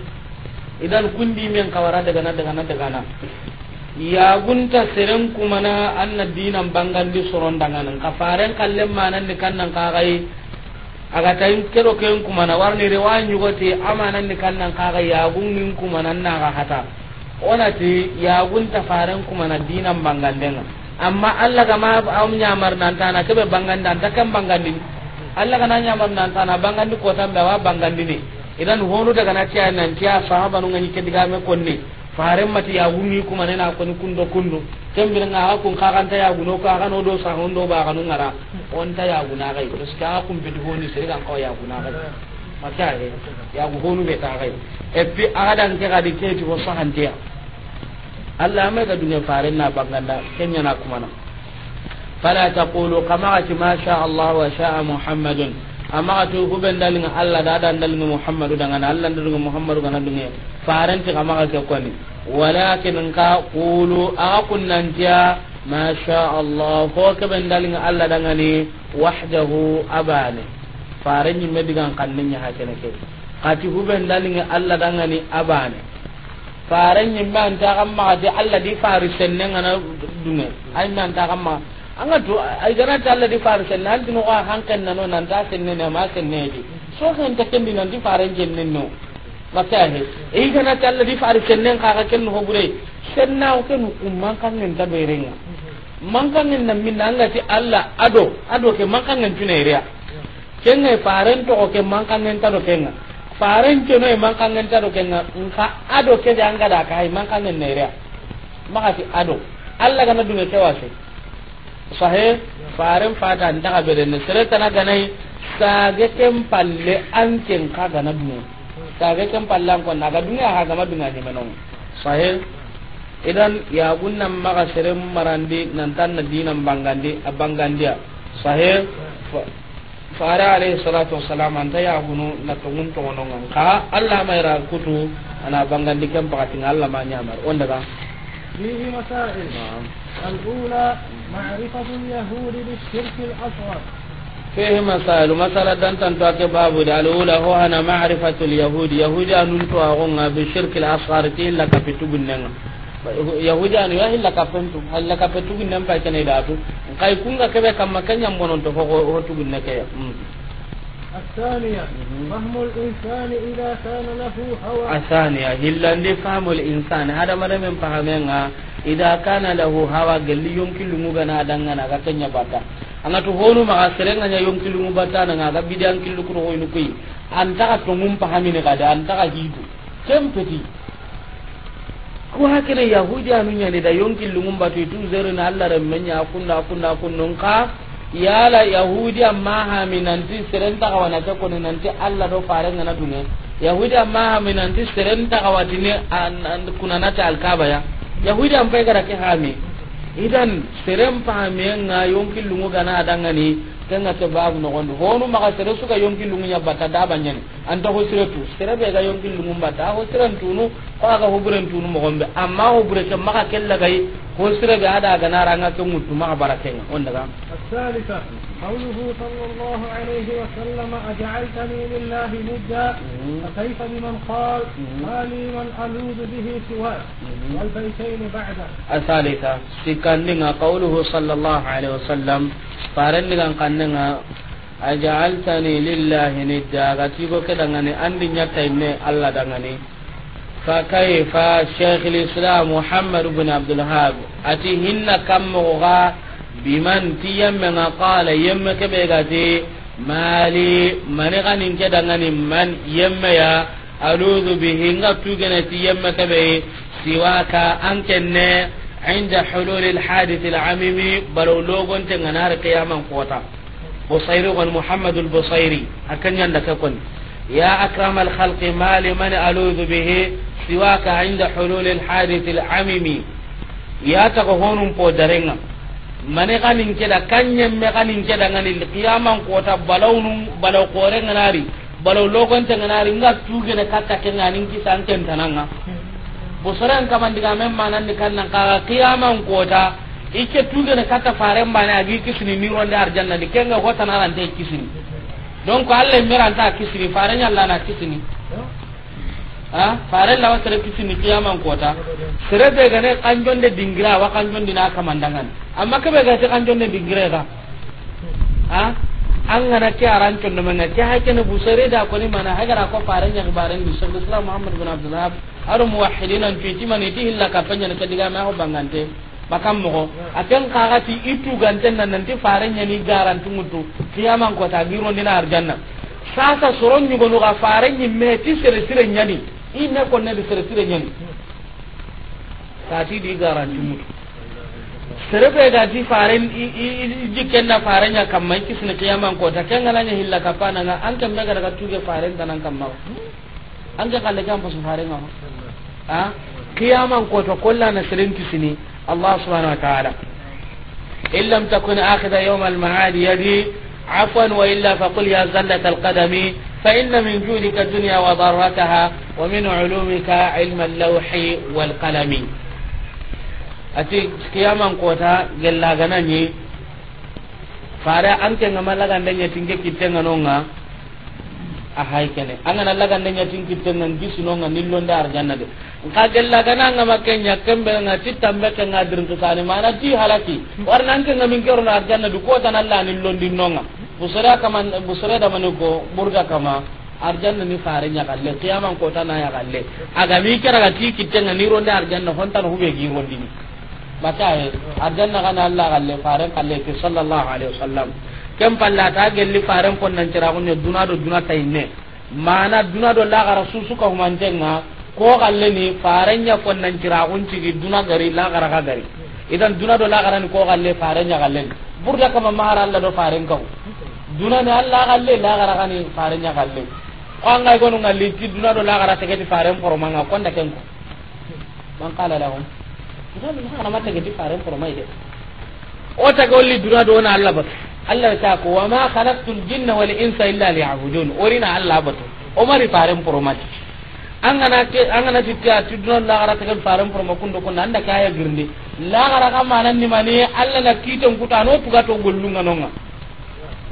[SPEAKER 2] idan kundi men kawara daga na daga na daga na yagunta seren na anna dinan bangandi nan ka faren kallen mananni kannan kaxayi agatain kedo ken kumana warni rewa ñugoti amananni kannan kuma nan na ga hata onati yagunta faren na dinan bangandenga amma allah gama am ñamarnantana keɓe bangandi anta ken bangandini allah ta da bangandi kotanɓe awa ne. idan daga na tiya nan tiya diga me konni faren mati ya wuni kuma na koni kundo kundo kembira nga ga kun kakan ta ya guno ka ga no do sa hondo ba ga no ngara on ta ya guna kai to ska kun bi honi sai kan ko ya guna kai mata re ya gu honu be ta kai e a adan ke ga di ke ti ho sahan te Allah mai ga dunya faren na banganda kenya na kuma na fala taqulu kama ma sha Allah wa sha Muhammadun amma ga to ko ben nga Allah da dan nga Muhammadu da nga ana Allah nga Muhammadu kana dunge faran ti kama ka ko ni walakin ka qulu aqunnan ja ma sha Allah ko ka ben dalin Allah nga ni wahdahu abane faran ni medigan kannin ya hakene ke kati hu ben dalin Allah dan ani abane faran ni man ta ka di Allah di farisan nan ana dunge ay man ta kama anga to ay gana talla di faru sen nan dinu wa hankan nano nan ta sen ne ma sen ne di so kan ta ken dinan di faran jenne no maka he ay gana talla di faru sen nan ka ka ken ho bure sen na o ken umman kan nen ta berenga mankan kan nan min anga ti alla ado ado ke mankan nan tune riya ken ne e faran to ke mankan nan ta do kenga faran ke no e mankan nan ta do kenga nka ado ke da anga da kai e mankan nan ne riya maka ti ado alla gana dunga kewase sahe faren fata an daga bere ne sere tana ganai sage kem palle an ken ka gana dunga sage kem palle an kon naga dunga ha gama dunga ne menon sahe idan ya gunnan maka sere marandi nan tan na dinan bangandi a bangandiya sahe fara alayhi salatu wassalam ta ya gunu na tungun tungonon ka Allah mai ra kutu ana bangandi kem pakati Allah ma nyamar on daga
[SPEAKER 1] فيه مسائل الأولى معرفة اليهود بالشرك الأصغر
[SPEAKER 2] فيه مسائل مسألة أنت أنت بابو الأولى هو أنا معرفة اليهود يهود أنتو أغنى بالشرك الأصغر تين لك في تبنى yahudi anu ya la kapentu hilla kapetu ginnan pa kene datu kai kunga kebe kamma kanya monon to ho ho tugun ne kaya mm.
[SPEAKER 1] الثانية فهم الإنسان إذا كان له هوى الثانية
[SPEAKER 2] هلا فهم الإنسان هذا مرة من فهمنا إذا كان له هوى قال يمكن لمغنا دعنا كن يباتا anga to honu ma asere nya yom kilu mubata na nga bidi an kilu kuro hoynu kuyi anta ka to mum pahami ne kada anta ka hidu kempeti ko hakire yahudi anu nya ne da yom kilu mumbatu itu zero na Allah ran menya kunna kunna kunnun ka yala yahudi amma ha minanti serenta kawana ta kono nanti alla do farenga na dunga yahudi amma ha minanti serenta kawatini kuna nata alkaba ya yahudi am pegara ke hami idan serem pahame nga yonki lungu gana adanga ni kenga to babu no gondo honu maka sere suka yonki lungu nya bata daba nyani anta ho sere tu sere be ga yonki lungu bata ho sere tunu ko aga ho buren tunu mo gombe amma ho bure ke maka kella gai ko sire be ada ga naranga to mutu ma barake on daga
[SPEAKER 1] asalika qawluhu sallallahu alayhi wa sallam aj'altani lillahi nidda fa kayfa liman qala mali man aludu bihi siwa wal baytayn ba'da
[SPEAKER 2] asalika sikandinga qawluhu sallallahu alayhi wa sallam farandigan kannanga aj'altani lillahi nidda ga tigo kedangane andi nyatta inne alla dangane فكيف شيخ الاسلام محمد بن عبد الوهاب اتي هن كم غا بمن من قال يمك بيغتي مالي من غنين كدغني من يم يا اعوذ به نتوغنتي يمك بي سواك انت عند حلول الحادث العميم بلو لوغون تنغنار قياما قوتا بصيري محمد البصيري اكن يندك كنت يا أكرم الخلق ما لمن ألوذ به سواك عند حلول الحادث العميمي يا تغهون بودرين من غنين كده كان يم غنين كده غني القيامة قوتا بلون بلو قورين ناري بلو لوغن تنغناري نغا توجن كاتا كنانين كي سانتين تنانا بسران كمان دغا من مانان كان نقا قيامة قوتا إيكي ike tugene فارم faren bane كسني kisini دي أرجان دي كنغا غوتا نالان تي كسني donc alla meranta kisini fare ñallana kisini ha fare lawa sere kisini kiyaman kota sere de gane kanjon de dingira wa awa kanjondina kamandangani amma ke keɓe kanjon de dingira ha an gana ke aran condomanga ke ne busere da ko ni mana ra ko fare ñagibarenni cheikhlislam muhammad bin abdullah fi timani abdulhab aɗo muwahidinan cuitimaniti hilla kappeñani ma ho bangante bakam mo akan kagati itu ganten nan nanti farenya ni garantungutu kota giro ni nar janna sasa soron ni gonu ga ni meti sere sere nyani inna konne ne sere sere nyani kati di garantungutu sere be ga di faren jikken na farenya kamma kisne kiyaman ko kota kan nya hilla kapana nga an kan mega daga tuge faren tanan kamma an ga kalle kan fasu faren ha ah? kiyaman ko to kollana seren الله سبحانه وتعالى إن لم تكن آخذ يوم المعاد يدي عفوا وإلا فقل يا زلة القدم فإن من جودك الدنيا وضرتها ومن علومك علم اللوح والقلم أتي قياما قوتا جلا غناني fare an ke ngama laga ndenya tinge kitenga nonga a haykene an ngana laga ndenya tinge kitenga ngisu nonga nillo ndar janna de kagella kana nga makenya kembe nga titambe ke nga dirintu mana ti halaki warna anke nga min kero na arjanna du kota na Allah ni londi nonga busara kama busara da manugo burga kama arjanna ni fare nya kalle qiyamam kota na ya kalle aga mi kera ga ti kitenga ni ronda arjanna honta no hube gi rondi ni mata he arjanna kana Allah kalle fare kalle ti sallallahu alaihi wasallam kem palla ta gelli fare kon nan tira kunyo dunado dunata inne mana dunado la ga rasul ka humantenga ko galle ni farenya ko nan unti cigi duna gari la gara ga gari idan duna do la gara ni ko galle farenya galle burda kama mahara Allah do faren kaw duna ni Allah galle la gara ga ni farenya galle ko an ko gonu ngalli ti duna do la gara tegeti faren forma nga kon nda ken ko man la lahum idan ni kana mata gedi faren forma ide o ta li duna do na Allah ba Allah ta ko wa ma khalaqtul jinna wal insa illa liya'budun orina Allah ba to o mari faren forma angana ke angana tikka tudno la gara tagal pro makun do ko nanda kaya girndi la gara ka manan ni mani alla na kuta n'o tuga to gollunga nonga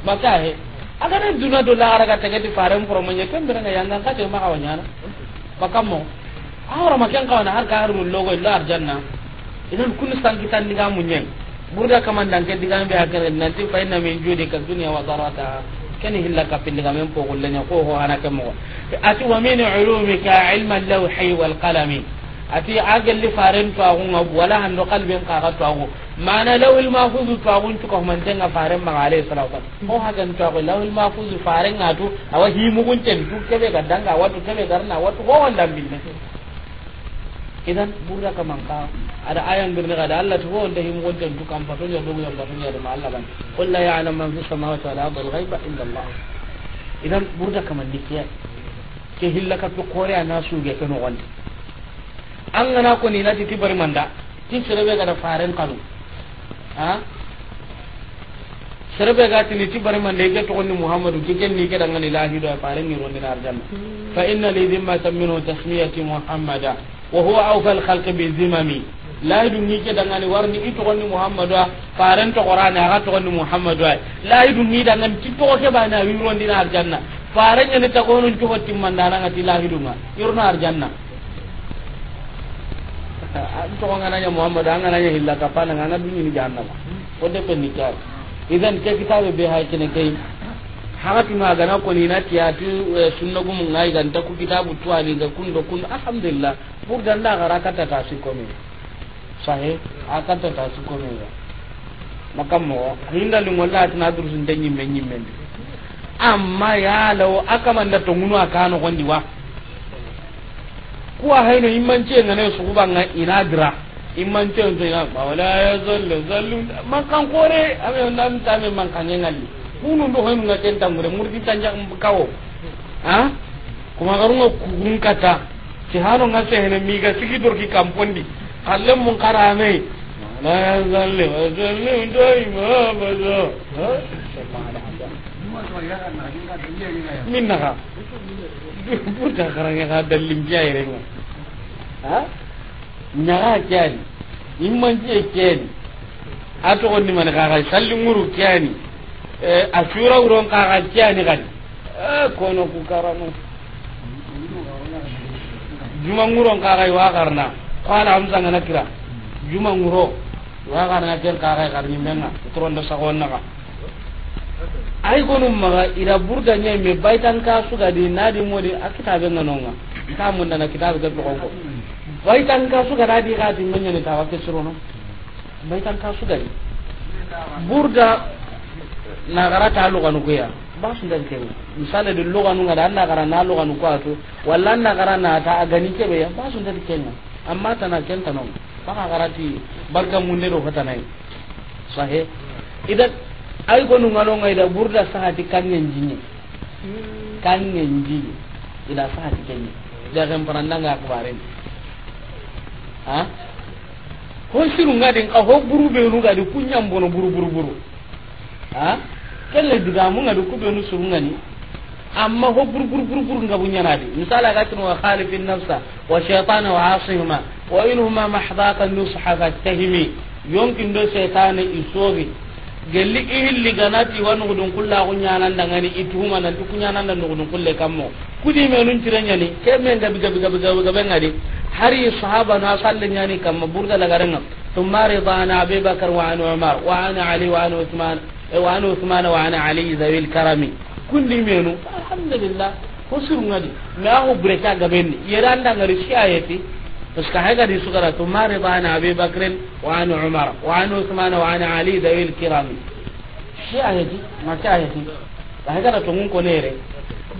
[SPEAKER 2] maka he agana duna do la gara ka tagal faram pro nya kan beranga yanga ka te ma kawanya na maka mo awra makan kawana har ka har mun logo illa arjanna idan kun san kitan diga munyen burda kamandan ke diga be hakare nanti fa inna min judi ka dunya wa zarata ken hilla ka pilli gamen po gollenya ko ho hana ken mo ati wa min ulumika ilma al-lawhi wal qalami ati agelli faren to agun abu wala hando qalbin ka ka to agun mana lawil mahfuz to agun to ko man tenga faren ma alayhi salatu ko hagan to agun lawil mahfuz faren ngatu awa himu gun ten tu kebe danga watu kebe garna watu ho wanda minne idan burda ka manka ada ayan birni kada Allah to wanda him gonta to kam fato ya dogo yam fato ya da Allah ban qul la ya'lamu man fis samawati wal ardi ghaiba illa Allah idan burda ka dikiya ke hillaka to kore na su ge kano wanda an na ko ni na titi bari manda ti sirebe ga da faran kanu ha serebe ga tini ti bari manda ke to ni muhammadu ke ken ni ke da ngani lahi do faran ni rondina arjan hmm. fa inna li dhimma taminu tasmiyati muhammada wa huwa awfal khalqi zimami layidu ngike dangani warni i togonni muhammadu a faren togorani aga togonni muhammadu ay layidu ngi dangani ti togo keɓani a wirondina arjanna farenñani tagonun cogo timmandanangati lahidunga irno arjanna togo nganaña muhammadu a nganaña hilla kappananga anga duñini jahannama o depenni car idan ke kitabe be hay kene key hakati ma gana ko ni nati ya tu eh, sunna gum ngai gan ta ku kitabu tu ani ga kun do kun alhamdulillah pur dan da gara kata ta su komi sahe akata ta su komi ya makam mo hinda lu molla tana dur sun tanyi men nyi men amma ya law akaman da to ngunu akano gondi wa kuwa hayno imman ce ngane su kuba ngai inadra imman ce ngai ba wala ya zallu zallu makam kore ame nan ta me man kan ngali kunu do hoynu ngaken tambure murdi tanja kawo ha kuma garunga kugun kata ti hano nga sehene mi ga sigi dorki kampondi kalle mun karame la yazalle wa zalle ndai ma bazo min naga burta karanga ga dallim biya irenga ha nyaga kyani imman je kyani ato onni man ga ga salli nguru kyani Eh, a sura uron ka ga kiani gani eh, kono ku karamo juma nguron ka ga wa garna qala amsa ngana kira juma nguro wa garna ken ka ga garni menna toron da sagonna ka ay gonu maga ira burda nye me baitan ka suga di nadi modi akita be nganonga ka mun na kitabe ga ko ko baitan ka suga dadi ga di menya ne ta wakke surono baitan ka suga di
[SPEAKER 3] burda nagara
[SPEAKER 2] ta luganu kuya ba su dan kenga misali de luganu ngada an nagara na luganu ko ato walla nagara na ta agani kebe ya ba su dan kenga amma tana kenta non baka garati barka munde do hota nay sahe ida ay gonu ngano ngai da burda sahati kanyen jinni kanyen jinni ida sahati kenni da kan paranda nga akbarin ha ko sirunga den ka ho buru be ruga di kunyam bono buru buru buru ha kelle diga mun ngadu ku benu surungani amma ho bur bur bur bur ngabu nyanadi misala ga gatin wa khalifin nafsa wa shaytana wa asihuma wa inhuma mahdaka nusha tahimi yonkin do shaytana isogi gelli ihilli ganati wa nu dun kulla ku nyanan dangani ituhuma nan ku nyanan nu dun kulle kammo kudi me nun tiranya ni ke men gabi gabi gabi gabi ngadi hari sahaba na sallan nyani kamma burda lagarenga ثم رضا عن ابي بكر وعن عمر وعن علي وعن عثمان وعن عثمان وعن علي ذوي الكرم كل منو الحمد لله خسر غادي ما هو بريكا غبن يران دا غري شايتي بس كهذا دي سكرة ثم رضا عن ابي بكر وعن عمر وعن عثمان وعن علي ذوي الكرم شايتي ما شايتي كهذا تونغ كونيري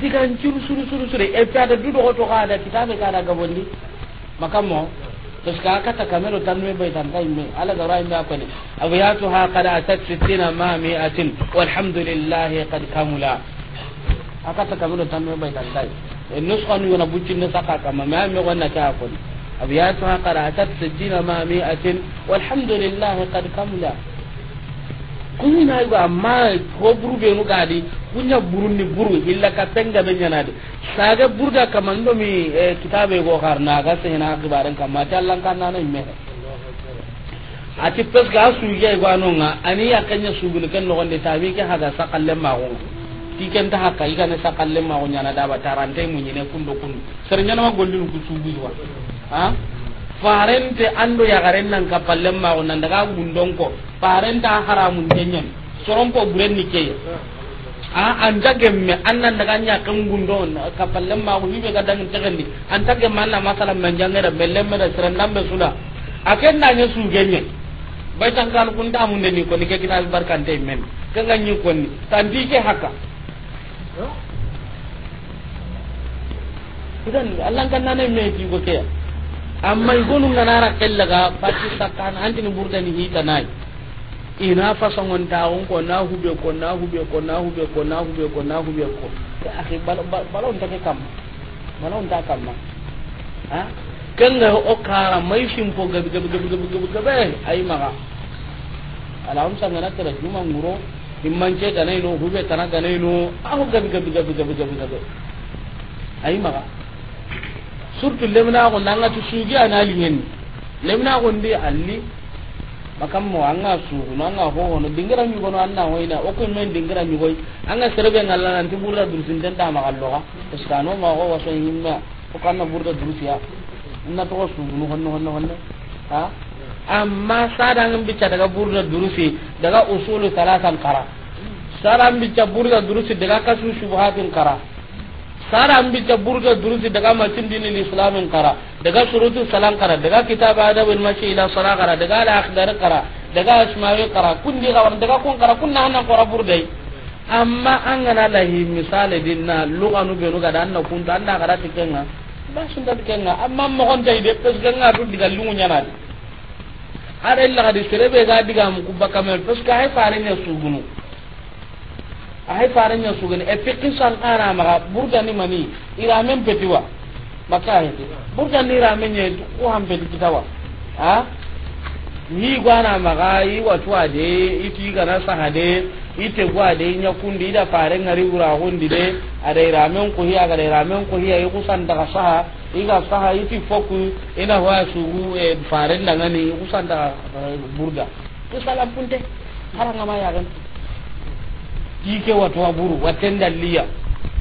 [SPEAKER 2] digan curu suru suru suru e fiada dudo ko to kada kitabe kada gabondi makamo parce que akata kamero tanme bay tan me ala ga rai ma kali abiyatuha qad atat sittina ma mi'atin walhamdulillahi qad kamula akata kamero tanme bay tan kunna go ma ko buru mu gadi buru ni buru illa ka tanga be nyanade saga burda kamando mi eh, kitabe go har naga kam ma tallan ta na ne a ati pes ga ye go anonga ani yakanya kan no wonde tabi ke haga sakalle mago ti ken ta hakka igane sakalle mago da ba tarante nyine kundo kundo ma gollinu ku suugiwa ha farente ando yagaren nan ka pallen mago nan daga gundon ko farenta haramun tenyen soron ko buren ni keye a anta gemme annan daga nya kan gundo ka pallen mago hibe ga dan tagandi anta gemme anna masala man jangere belle me da serendam be suda aken na nya su genye bai tan kan kun da mun ni ko ni ke kita barkan te men kan ganyi ko ni tan di ke haka idan Allah kan nan e me ti go ke amma igonu nganara kellaga pati sakkan antini burgani hita nai ina fasangon taxun ko na huɓe ko na huɓe ko na huɓe ko na huɓe ko na huɓe ko kam balo kamma balawonta ha a ga o kara may ko gabi gabi gabi gabi gabi gabe ayi maxa alahum sangana tara juma nguro da immancetanayno huɓe tana no axo gabi gabi gabi gabi gabi gabe ayi maxa surtout lemna ko nanga tu sugi ana lingen lemna ko ndi alli makam mo anga sugu no anga ho no dingira mi gono anna hoyna o ko men dingira mi hoy anga serbe ngalla nan ti burda dursin den ta makallo ka iskano ma ho waso himma o kanna burda dursiya inna to sugu no honno honno honno ha amma sadan bica daga burda durusi daga usulu salatan kara sadan bica burda durusi daga kasu subhatin kara sara an bita burga durusi daga matin dinin islamin kara daga surutu salan kara daga kitab adabul mashi ila sala kara daga al akhdar kara daga asma'i kara kun di kara daga kun kara kun nan kara burdai amma an gana lahi misali dinna luganu be nuga dan na kunta an da kara tikenga ba sun da tikenga amma mo kon tay de pes ganga du diga lungu nyana ada illa hadi be ga diga mu kubaka mel pes ka hay faare ne sugunu ahay farenya sugani e pikisan ara burda ni mani iramen petiwa maka hete burgani iramen ye ko ham peti kitawa ha ni gwana maga yi watu ade iti gana sahade ite gwa de nya kundi da fare ngari ura hundi de ada iramen ko hiya ada iramen ko hiya yuko san daga saha iga saha iti foku ina wa sugu e fare ndangani yuko san daga e, burda to salam punte haranga ma ya ganti kike wato buru watan dalliya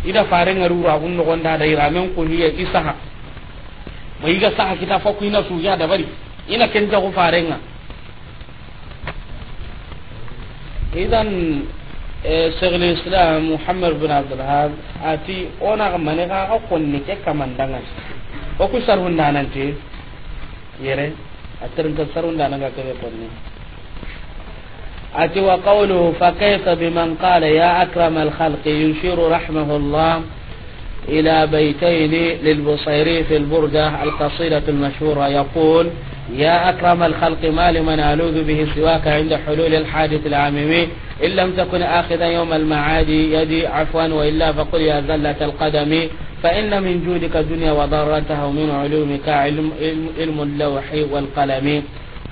[SPEAKER 2] ida fare ngaru ra gun no gonda da iramen ko hiya isaha mai ga saha kita fa ku ina ya da bari ina kenja ku fare nga idan eh, shaykhul islam muhammad bin abdul ati ona mane ga ko konni ke kamandanga o ku sarhun nanante yere atarin ka sarhun nananga ke konni أتي وقوله فكيف بمن قال يا أكرم الخلق يشير رحمه الله إلى بيتين للبصيري في البردة القصيدة المشهورة يقول يا أكرم الخلق ما لمن ألوذ به سواك عند حلول الحادث العميمي إن لم تكن آخذا يوم المعاد يدي عفوا وإلا فقل يا زلة القدم فإن من جودك الدنيا وضرتها ومن علومك علم, علم اللوح والقلم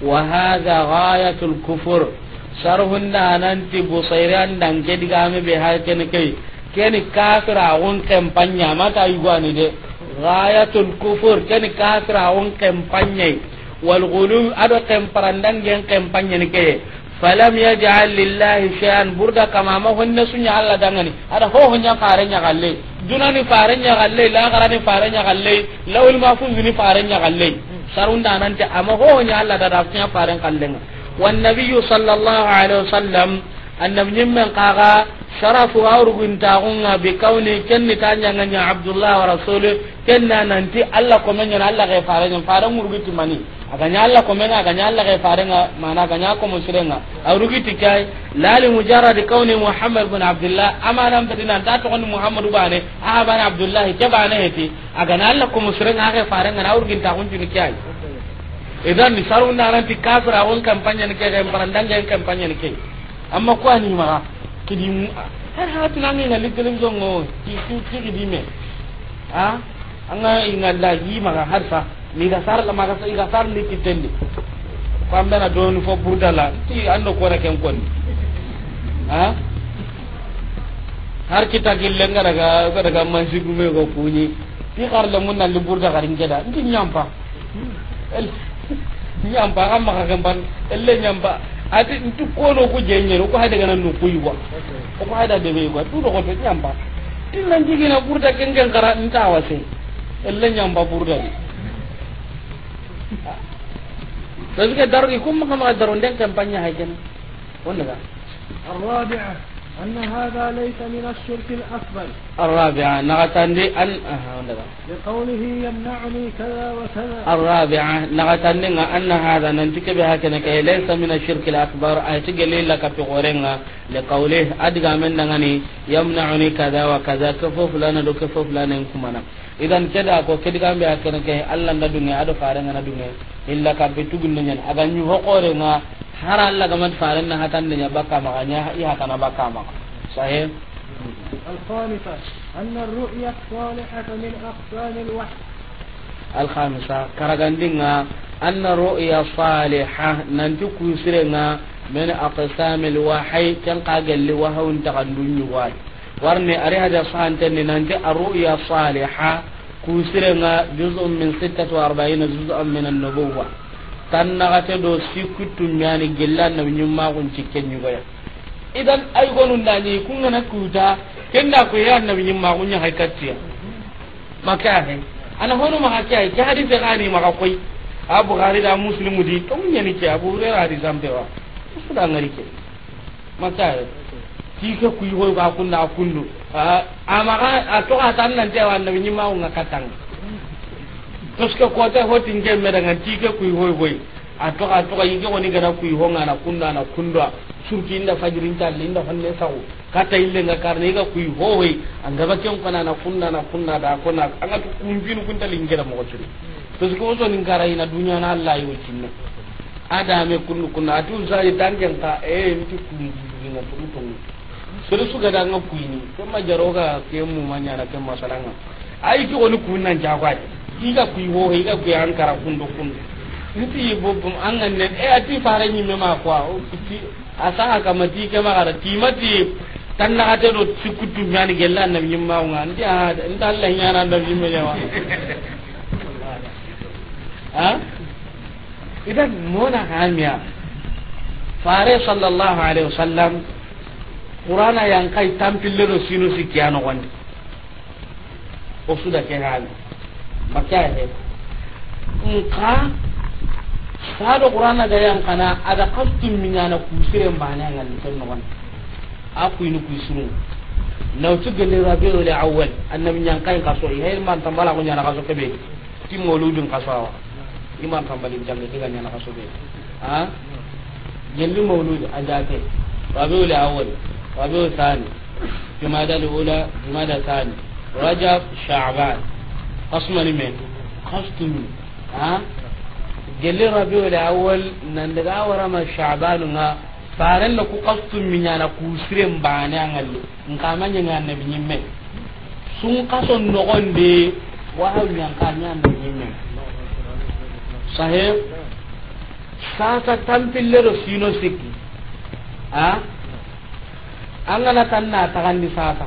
[SPEAKER 2] وهذا غاية الكفر nan ti busairan dan ke me be ha ken ke ken kafira on kampanya mata yugani de ghayatul kufur ken kafira on kampanya wal ghulum ado dan gen kampanya ne ke falam yaj'al lillahi shay'an burda kama ma hunna sunya alla dangani ada ho hunya fare nya galle dunani fare nya galle la garani fare nya galle lawul mafuz ni fare nya galle sarunda nanti ama ho hunya alla da da fare galle والنبي صلى الله عليه وسلم annabi ñimmen kaga sharafu awruguntaxunga bi kawni kenni ta ñanganya abdullah wa rasulu kenna nanti allah komeñana allah xe farenga fare ngurgiti mani agaña allah komenga agaña allah xe farenga mana agaña komosirenga awrugiti kay lali mujaradi kawni muhammad bn abdillah amanan peti nanta togoni muhammadu bane aha bane abdullahi ke bane heti agaña allah komosirenga axe farenga na awrugintaxuncuni kay idan ni sarun na nan tikafira won kampanya ne ke ga parandang ga kampanya ne ke amma ko ani ma kidi har ah, ha tunani na ligelin zongo ki ki kidi me a anga inga ma maga harsa ni ga sar la maga sai ga sar ni kitendi kwambe na don fo burdala ti ando ko raken kon ha har kita gille nga daga ko daga man sigume ko puni ti kar la mun na li burda garin keda ndi nyampa nyamba amma ma ga ban elle nyamba ati ntu ko no ku je ko hada gana no kuyi wa ko hada de be ko tu ko nyamba tin nan jigi na burda kengen kara nta wase elle nyamba burda ni tapi ke daru ikum ma ma daru den kampanye hajen ken wonna ga
[SPEAKER 1] الرابعة أن هذا ليس من الشرك الأكبر الرابعة نغتن لي أن لقوله يمنعني كذا وكذا
[SPEAKER 2] الرابعة نغتن أن هذا ننتك بها كنك ليس من الشرك الأكبر أهتك لي لك في غورنا لقوله أدقى من نغني يمنعني كذا وكذا كفوف لنا دو كفوف لنا كمنا idan keda ko kediga mbe akene ke Allah na dunga ado fare na dunga illa ka betugun nyen aga nyu hokore nga hara alla gamat faran na hatan ne baka maganya i hatana baka maka sahih
[SPEAKER 1] الخامسة أن الرؤيا الصالحة من أقسام الوحي
[SPEAKER 2] الخامسة كرغندينا أن الرؤيا الصالحة ننتكو سرنا من أقسام الوحي كان قاقل لوهو انتقندون يواي warni ari hada sahantenni nanti arru'ya saliha kusirenga juz'un min 46 juz'an min an-nubuwah tan naxate do na gella kun cikken cikke ya idan ay kuta kenna kuuta ya na annabi kun ñaxay kattiya maka ne ana honu ma ke ay ke hadise ma ka koy abu gari da muslimu di to tomu ñani ke abu wa su da ngari ke ne axe ka kuyi ko ka kunda a kundu a maxa a toxa tan nantewa annabi ka kattanga toske kota hotin ke merenga tike kuy hoy hoy atoka atoka yike woni gana kuy ho ngana kunda na kunda surki inda fajirin talle inda fanne sawu kata ille nga karne ga kuy ho hoy angaba ke kana na kunda na kunda da kona anga tu kunjinu kunta lingera mo chiri toske oso ningara ina dunya na Allah yo ada me kunu kunna atu zari dangen ta e eh, nti kunjinu na turutungu sere suga da nga ni kemma jaroga kemu manya na kemma salanga ayi ki woni kunna jagwaje iga ku ho iga ku an kara kundo kundo nti bobum angan ne e ati fara ni me ma kwa o ti asa ka mati ke ma gara ti mati tan na ate do tikutu nyani gella na mi ma wa nti a nta le nyana na mi me wa ha idan mona hamia fare sallallahu alaihi wasallam qur'ana yang kai tampille do sinu sikiyano wandi o suda ke hali makahe nka sado qur'ana ga yan kana ada kastum minyana kusire mbana ngal tan non aku ini kuisuru law tugal rabiul awwal annabi nyan kan kaso hay man tambala ko nyana kaso kebe timoludun kasawa iman tambalin jangi diga nyana kaso be ha jelli mawlud ajate rabiul awwal rabiul thani jumada al ula jumada thani rajab sha'ban asmani me kastumi ha gelle wala awal nan daga warama sha'banu nga faran la ku kastumi na ku sirem bane angalli ngamanya ngana binyimme sun kaso nogonde wa hawu nyanka nyana binyimme sahe sasa tampillero sino sikki a angana tan na tagandi sasa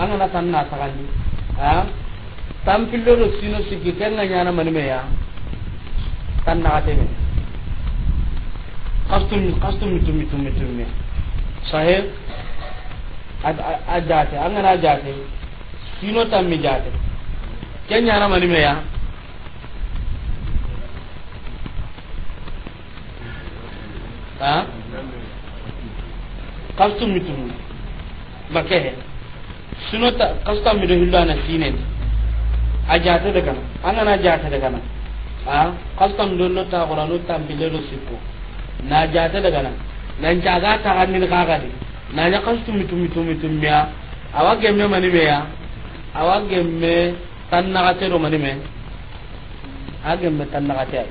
[SPEAKER 2] angana tan na tagandi ha tampillo do sino sikki kenga nyana manime ya tan na ateme kastum kastum mitum mitum mitum ne sahib ajate angana ajate sino tammi jate kenya na manime ya ha kastum mitum bakehe sinota kasta mi do hillo ana sinen a jata daga na anana jata daga na a kasta mi do no ta gora no ta bile do sipo na jata daga na nan jaga ta ganin ga di na ya kasta mi tumi tumi tumi ya awa gemme mani me ya awa gemme tan na ka do mani me a gemme tan na ka te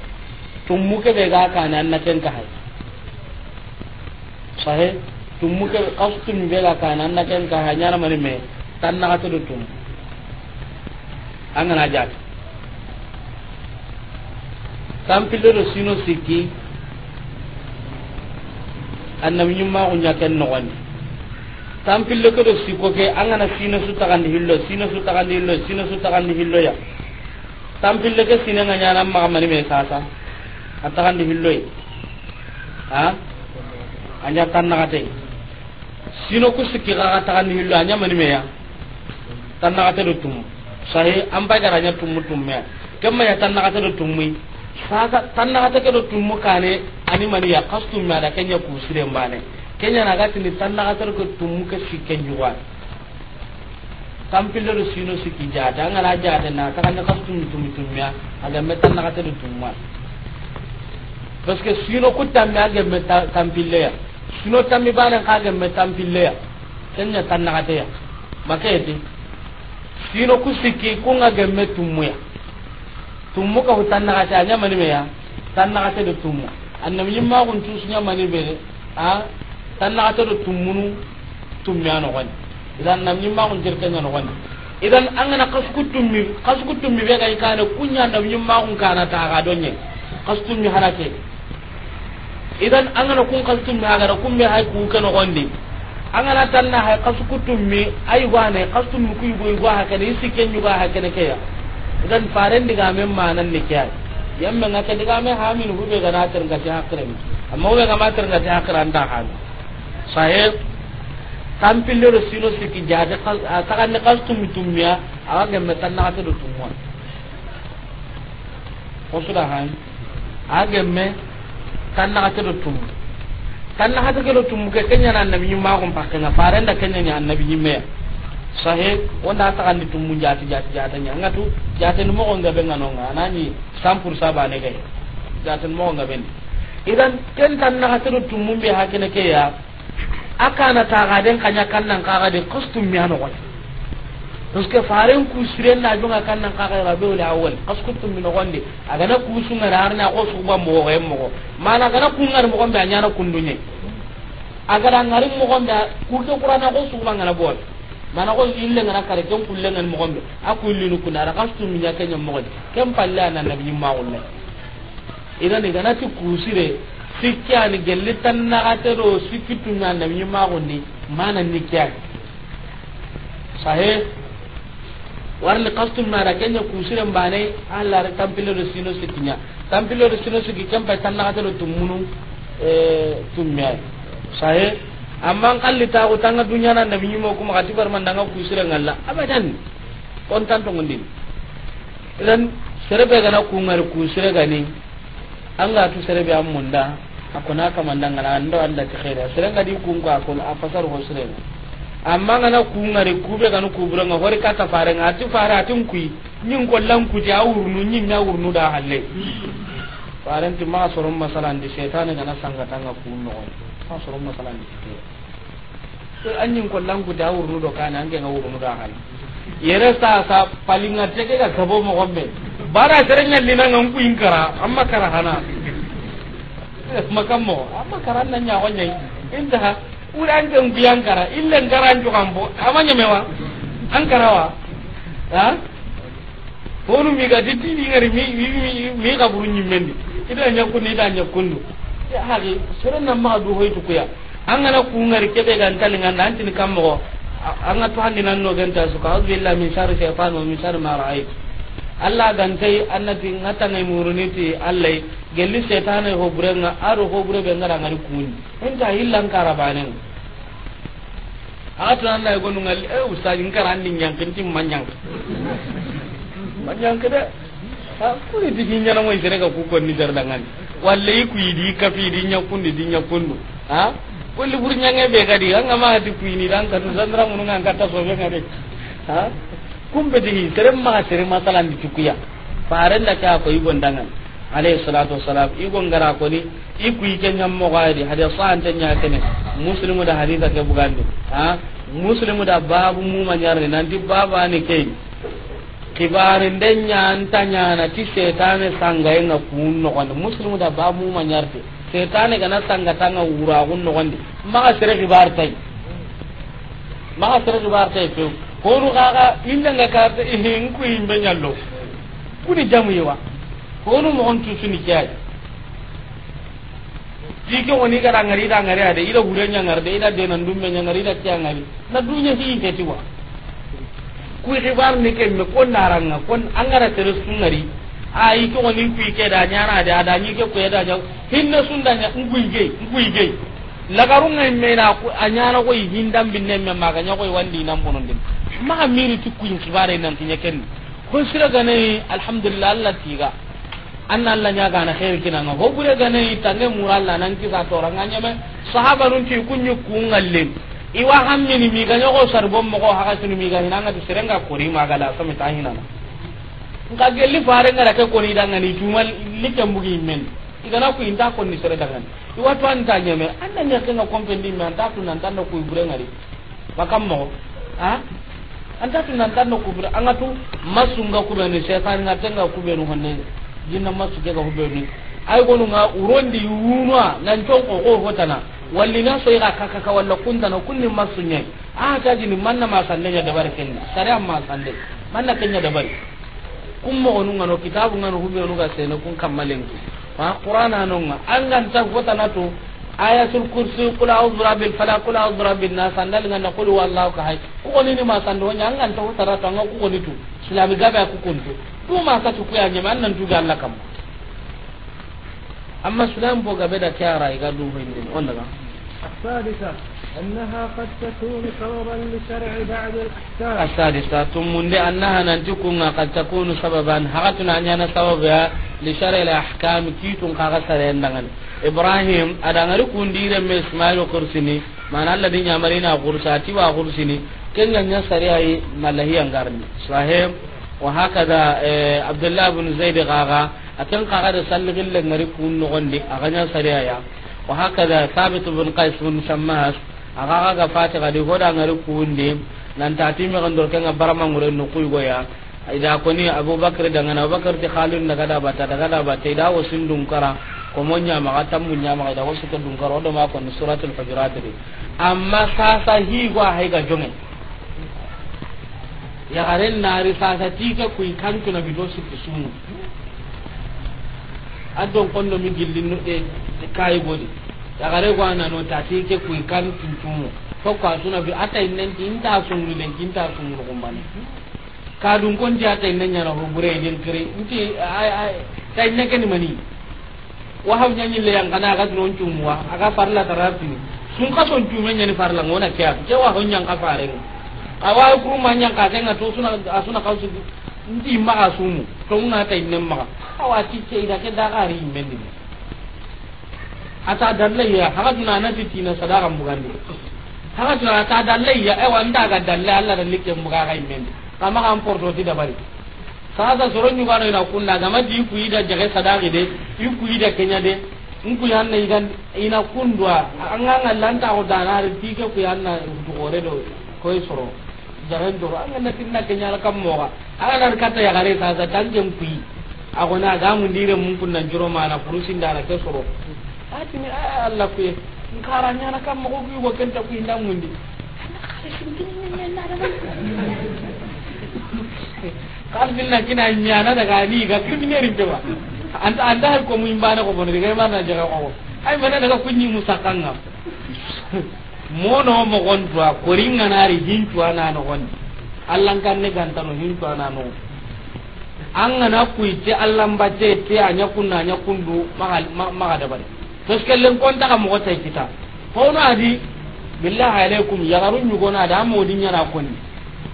[SPEAKER 2] mu ke be ga kana na ten ka hai sahe mu ke kasta mi be ga kana na ten ka nya na mani me tan na to dum angana jat tampille do sino sikki annam nyumma unya ken no wani tampille ko do siko ke angana sino su tagandi hillo sino su tagandi hillo sino su hillo ya tampille ke sino nga nyana ma mani me sasa atagandi hillo ya. ha anya tan na te sino ku ka hillo anya mani me ya tan na kata tum sahi an ba garanya tum tum me kemma ya tan na kata tum mi saka tan na kata kedo tum kane ani mani ya kastum ma da kenya ku sire mbane kenya na gati ni tan na kata ko tum ke sikken juwa tampillo do sino siki jada ngala jada na ta kanna kastum tum tum ya aga me tan na kata tum ma parce que sino ku tammi aga me tampille ya sino tammi bane ka aga me tampille ya kenya tan na kata ya makete sino ku sikki kunga gemme tummuya tummu ka hutan na kata anya mani meya tan na kata do tummu annam ma kun tu sunya mani be a tan na kata do tummunu tummiya no wani idan nam ma kun jirka nya no wani idan an na kasku tummi kasku tummi be kai kana kunya nam ma kun kana ta ga donye kasku tummi harake idan an na kun kasku tummi ha ga kun me hay ku kana wani angana na hay mi ay gwane kastummi kuy goy go ha kene isikke nyuga ha kene keya dan faren diga men manan ne kiya yamme ngake diga men ha min be ga na tar ngati hakre mi amma wa ga ma tar ngati hakra anda ha sahib ro sino sikki jaade taganne kastummi tummiya awa gemme tanna hata do wa ko ga men tan na ha do tumwa tan na hata kelo ke kenya na annabi nyimma ko pakke na farenda kenya ni annabi nyimme sahe wanda ta kan tumu jati jati jatanya ngatu jaten mo ngon gabe nganonga nani sampur saba ne kay jaten mo ngabe idan ken tan na hata tumu be hakene ke ya akana ta gaden kanya kannan kaga de kostum mi hano wati parce que faren na jonga kan nan kaka rabe min har na ko ko ko ku ke qur'ana ko bol ko ille ngana kare kulle ku kem palla na ma ni ti sikya ni na sikitu na ma ni kya sahih warni kastum na da kenya ku kusiren bane Allah re tampilo do sino sikinya tampilo do sino sikki kampa tanna kata do tumunu eh tumya sahe amman kalli ta ko tanga dunya nan nabi nyimo kuma kati bar man danga kusiren Allah abadan on tanto ngondin dan serebe gana ku ngar kusire gani Allah tu serebe am munda akona kamandanga nan do anda ta khaira serega di ku ko akon afasar ho serega amma ngana ku ku be kanu kuburenga hori kata farenga ati fare atin kui nyin kollan ku ja wurnu nyin nya wurnu da halle farenti ma soron masalan di setan ngana ku no ma soron masalan di ke an nyin kollan ku da wurnu do kana ange nga wurnu da halle yere sa sa palinga tege ga kabo mo gombe bara serenya lina ngam ku kara amma kara hana makammo amma kara nan nya wanyai inda kudan bi biyan kara illen garan jukan bo amanya mewa an karawa ha honu mi ga ditti ni ngari mi mi mi ga buru nyi mendi ida nya kunni ida nya kundu ya hagi sere na ma du hoytu kuya an ngana ku ngari kebe ga ntal ngana an ga to handi nan no ganta su ka billahi min sharri shaytan wa min sharri ma ra'aytu alla gantai annati ngata ngai muruniti allai gelli setanai hobure nga aro hobure be ngara ngari kuni enta hillan karabane atu alla go nu ngal e eh, ustadi ngara andi nyangkin tim manyang manyang kada ha kuni di hinya na isere ka ku konni dangan walle ku yidi fi di nyakundi di nyakundu ha ko liburnya ngebe kadi anga ma hadi kuini dan kan sandra mununga kata sobe ngade ha kumbetihi sere maga sere di tukuya farenda da a ko ibon dangan alayhi salatu wasalam i gongara koni i kui di ñammogoyadi hada tan nyaa kene muslimu da hadisa ke bugandi ha muslimu da babu muma ñarni nanti den key tan nyaa na ti setane na kun nogondi muslimu da babu muma ñarti setane gana sangatanga wuragun nogondi ma sere kibar tay ma sere kibar tay few honu kaga nga karta ihinku himbe nyallo kuni jamu yewa honu mo ontu suni kiyai dike woni da ngari da ngari ade ida gurenya ngari de ida denan dumme ngari ida kya ngari na dunya hi heti wa ku ribar ni ke me kon naranga kon angara terus ngari a ike woni ku ike da nyana da da ni ke ku da nyau hinna sunda nya nguige nguige lagarunga mena anyana ko hindam binne me maga nyako wandi nam bonon din ma miri tikku in kibare nan tinya ken ko sira gane alhamdulillah Allah tiga anna Allah nya gana khair kina ngo bure gane tange muralla nan ki sa toranga nyame sahaba run ti kunyu wa iwa hammini mi ga nyako sarbon mo ko haka sunu mi ga hinanga ti serenga kori maga la sami tahina nka gelli fare ngara ke kori dangani tumal likambugi men igana ku inta ni sere dangan iwatu anta nyeme anna nya kenga kompendi me anta tu nan tanno ku ibure ngari makam mo ha anta tu nan tanno ku ibure angatu. tu masunga ku bani setan nga tenga ku benu honne jinna masu ke ga ku benu ay gonu nga urondi yunwa nan ton ko ko hotana walli na so ira kaka ka walla kunta na kunni masunye a ah, ta jini manna ma sande nya dabar kenni sare amma sande manna kenya dabar kummo gonu ngano kitabu ngano hubi ngano ga sene kun kammalenki ha qur'ana nonga angan ta fota natu ayatul kursi qul a'udhu rabbil falaq qul a'udhu rabbin nas andal ngana qul wallahu ka hay ko ni ni san sando nya angan ta fota natu ngako ko ni tu islami gaba ku kuntu tu ma ka tu kuya nya man nan tu ga Allah kam amma sulam bo gabe da kyara ga duhu indin on daga
[SPEAKER 1] أنها قد تكون سببا لشرع بعض الأحكام
[SPEAKER 2] السادسة ثم أنها ننتكم قد تكون سببا هغتنا أننا سببا لشرع الأحكام كيتون قاغسر يندغن إبراهيم أدانغري كوندير من إسماعيل قرسني ما نال الذين نعمرين أغرساتي وأغرسني كن لن يسري ملهي أنقرني صحيح وهكذا إيه، عبد الله بن زيد غاغا أكن قاغد سلغل لنغري كون نغني أغنى سريايا وهكذا ثابت بن قيس بن شماس aga ga ga Fati ga di goda ngari kuunde nan ta timi ga dor kenga barama ngure no kuy goya ida ko ni abubakar da na abubakar ti khalil daga da bata daga da bata ida wo sindung kara ko monya ma ga tammu nya ma da wo suka dung kara odo ma ko ni suratul hujurat ri amma sa hi go hay ga jome ya garen nari ti tika kuy kantu na bido su sumu adon kondo mi no e eh, kai bodi yagare go no tati ke kuy kan tuntumu ko suna bi ata ta sun sungu den sun sungu ko mani ka dun kon ja ata innan ya ro bure den kire inti ay ay ta ke ni mani wa ha nyani le yang kana ga dun tumu wa aga parla tarati sun ka sun tumu nyani parla ngona kya ke wa ho nyang ka a awa ku man nyang ka tenga to suna asuna ka su inti maga sumu to ngata innen maga awa ti ce ida ke da men ni ata dallayya haka tuna na titi na sadaka mugandi haka tuna ata dallayya ewa nda ga dalle Allah da nike muga ga imen kama kan porto ti bari sasa soro nyu bano ina kunna ga madi ku ida jage sadaka de ku ida kenya de nku yanna igan ina kundwa an an Allah ta ko danare tike ku yanna du gore do koy soro jaran do an na tinna kenya la kam moga ala dar kata ya gare sasa tanjem ku agona ga mun dire mun kunna juro mana furusin na ke soro
[SPEAKER 1] atini a ah,
[SPEAKER 2] allah kuye nkara ñana kam mogo kuyigo kenta kuyi bin kalfinna kina ñana daga niga criminaire kewa anta anda hal ko muim bana ko bonri ga mana jaga ko ay mana daga kunni musakanga mono mo gon to ko ringa nari hin to ana no gon allah kan ne ganta no hin to ana no an ngana ku ite allah mbatte te anya kunna anya kundu magal magada bari tos konta ka mo tay kita hono adi billahi alaikum yagaru nyugona da mo dinya na konni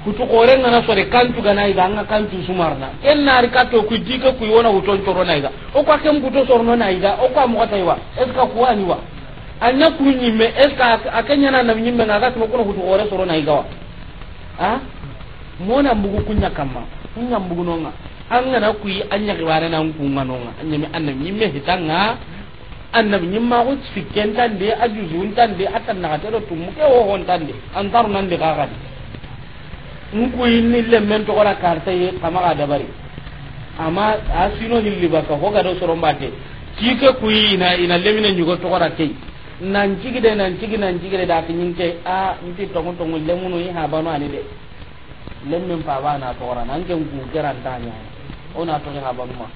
[SPEAKER 2] kutu kore ngana sore kantu gana iga anga kantu sumarna ken nari kato ku jike ku yona uton toro na iga o kwa kem kuto sorno na iga o kwa mo kata iwa eska kuwani wa anya ku nyime eska akenya na nam nyime ngaga ku kuno kutu kore soro na iga wa ha mona mbugu kunya kama kunya mbugu nonga anga na ku anya wa na ngunga nonga anya mi anna me hitanga annabi nyimma ko sikken tan de ajuzun tan de atan na tero mu ke ho hon tan de antaru nan de gaga nku inni le men to kala karta ye kama ga dabari amma asino hilli baka ho ga do soro mbate kike kuyi ina ina lemine nyugo to kala kei nan jigi de nan jigi nan jigi de da kinyin ke a nti tongo tongo lemunu yi habano ani de lemin fa ba na to kala nan ke ngu geran tanya ona to ke habano ma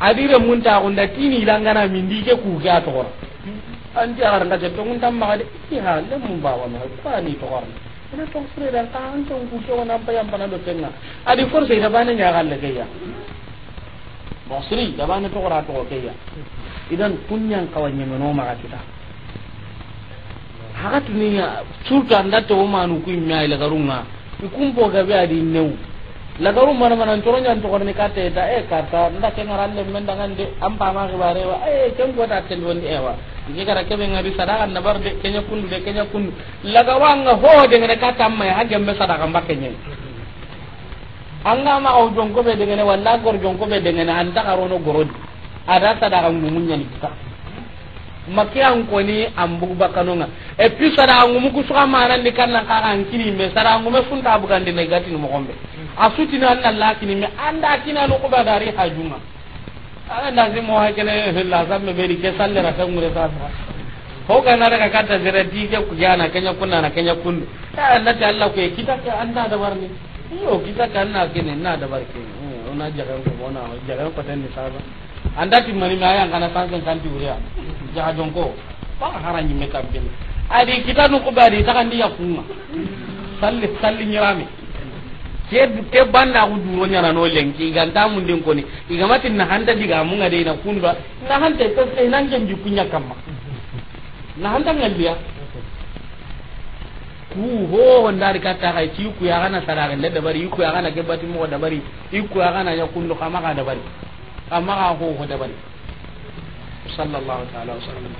[SPEAKER 2] adire mun ta gonda tini ilangana min di ke ku ga to gora anti ar nga jatto mun tam ma de ti ha le mun ba wa ma ko ni to gora ina to sure da ta an to ku ko na bayan bana pana do tenna adi forse da bana nya galle ke ya basri da bana to gora to ke ya idan kunyan kawanya no ma kita hakatu ni surtu anda to ma nu ku mi ay la garunga ikumbo gabe adi new la garu mana mana toro nyan to korni kate da e eh, kata nda ke ngaralle men dangan de am pa ma ke bare wa e ken go ta tel won wa ni gara ke be ngari sadaka na bar de kenya kun de kenya kun la ga wanga ho de ngene kata mai ha gembe sadaka mbake nyen anga ma o jonko be de ngene walla gor jonko be de ngene anda garono gorodi ada sadaka mu mumunya ni kita maki an ni an bugu nga. e eh, puis sadaka mumuku suka manan ni kanna ka kan kini me sadaka me funta bugandi ne gati ni mo gombe asutini alla lakini me anda kina no ko badari hajuma ala ndazi mo ha kene la sabbe be ni ke salle ra ta mure sa ho ga na daga kata zira dige ku yana kanya kunna na kanya kun ta Allah ta Allah ko e kita ka anda da barni yo kita ka na kene na da barke ona mm, jaga ko bona jaga ko tan ni sa anda ti mani ma yan kana san kan ti uriya jaga jonko pa haranyi me kabbe adi kita nu ko badi ta kan dia salli salli salle nyirami ke ke banda ku duro nyana no lenki ganta mun din koni igamati na handa diga mun ga dai na kunba na handa to e, sai e, e, nan jam ji kunya kamma na handa ngalbiya ku ho wanda rika ta kai ki ku ya kana sarare da bari ku ya kana mu da bari ku ya kana ya kunu kama da bari kama ga ho ho bari sallallahu ta'ala wa sallam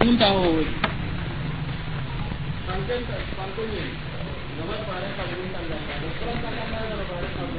[SPEAKER 2] mun ta ho जवळ पाडं साबडून चाललं आहे काय जरा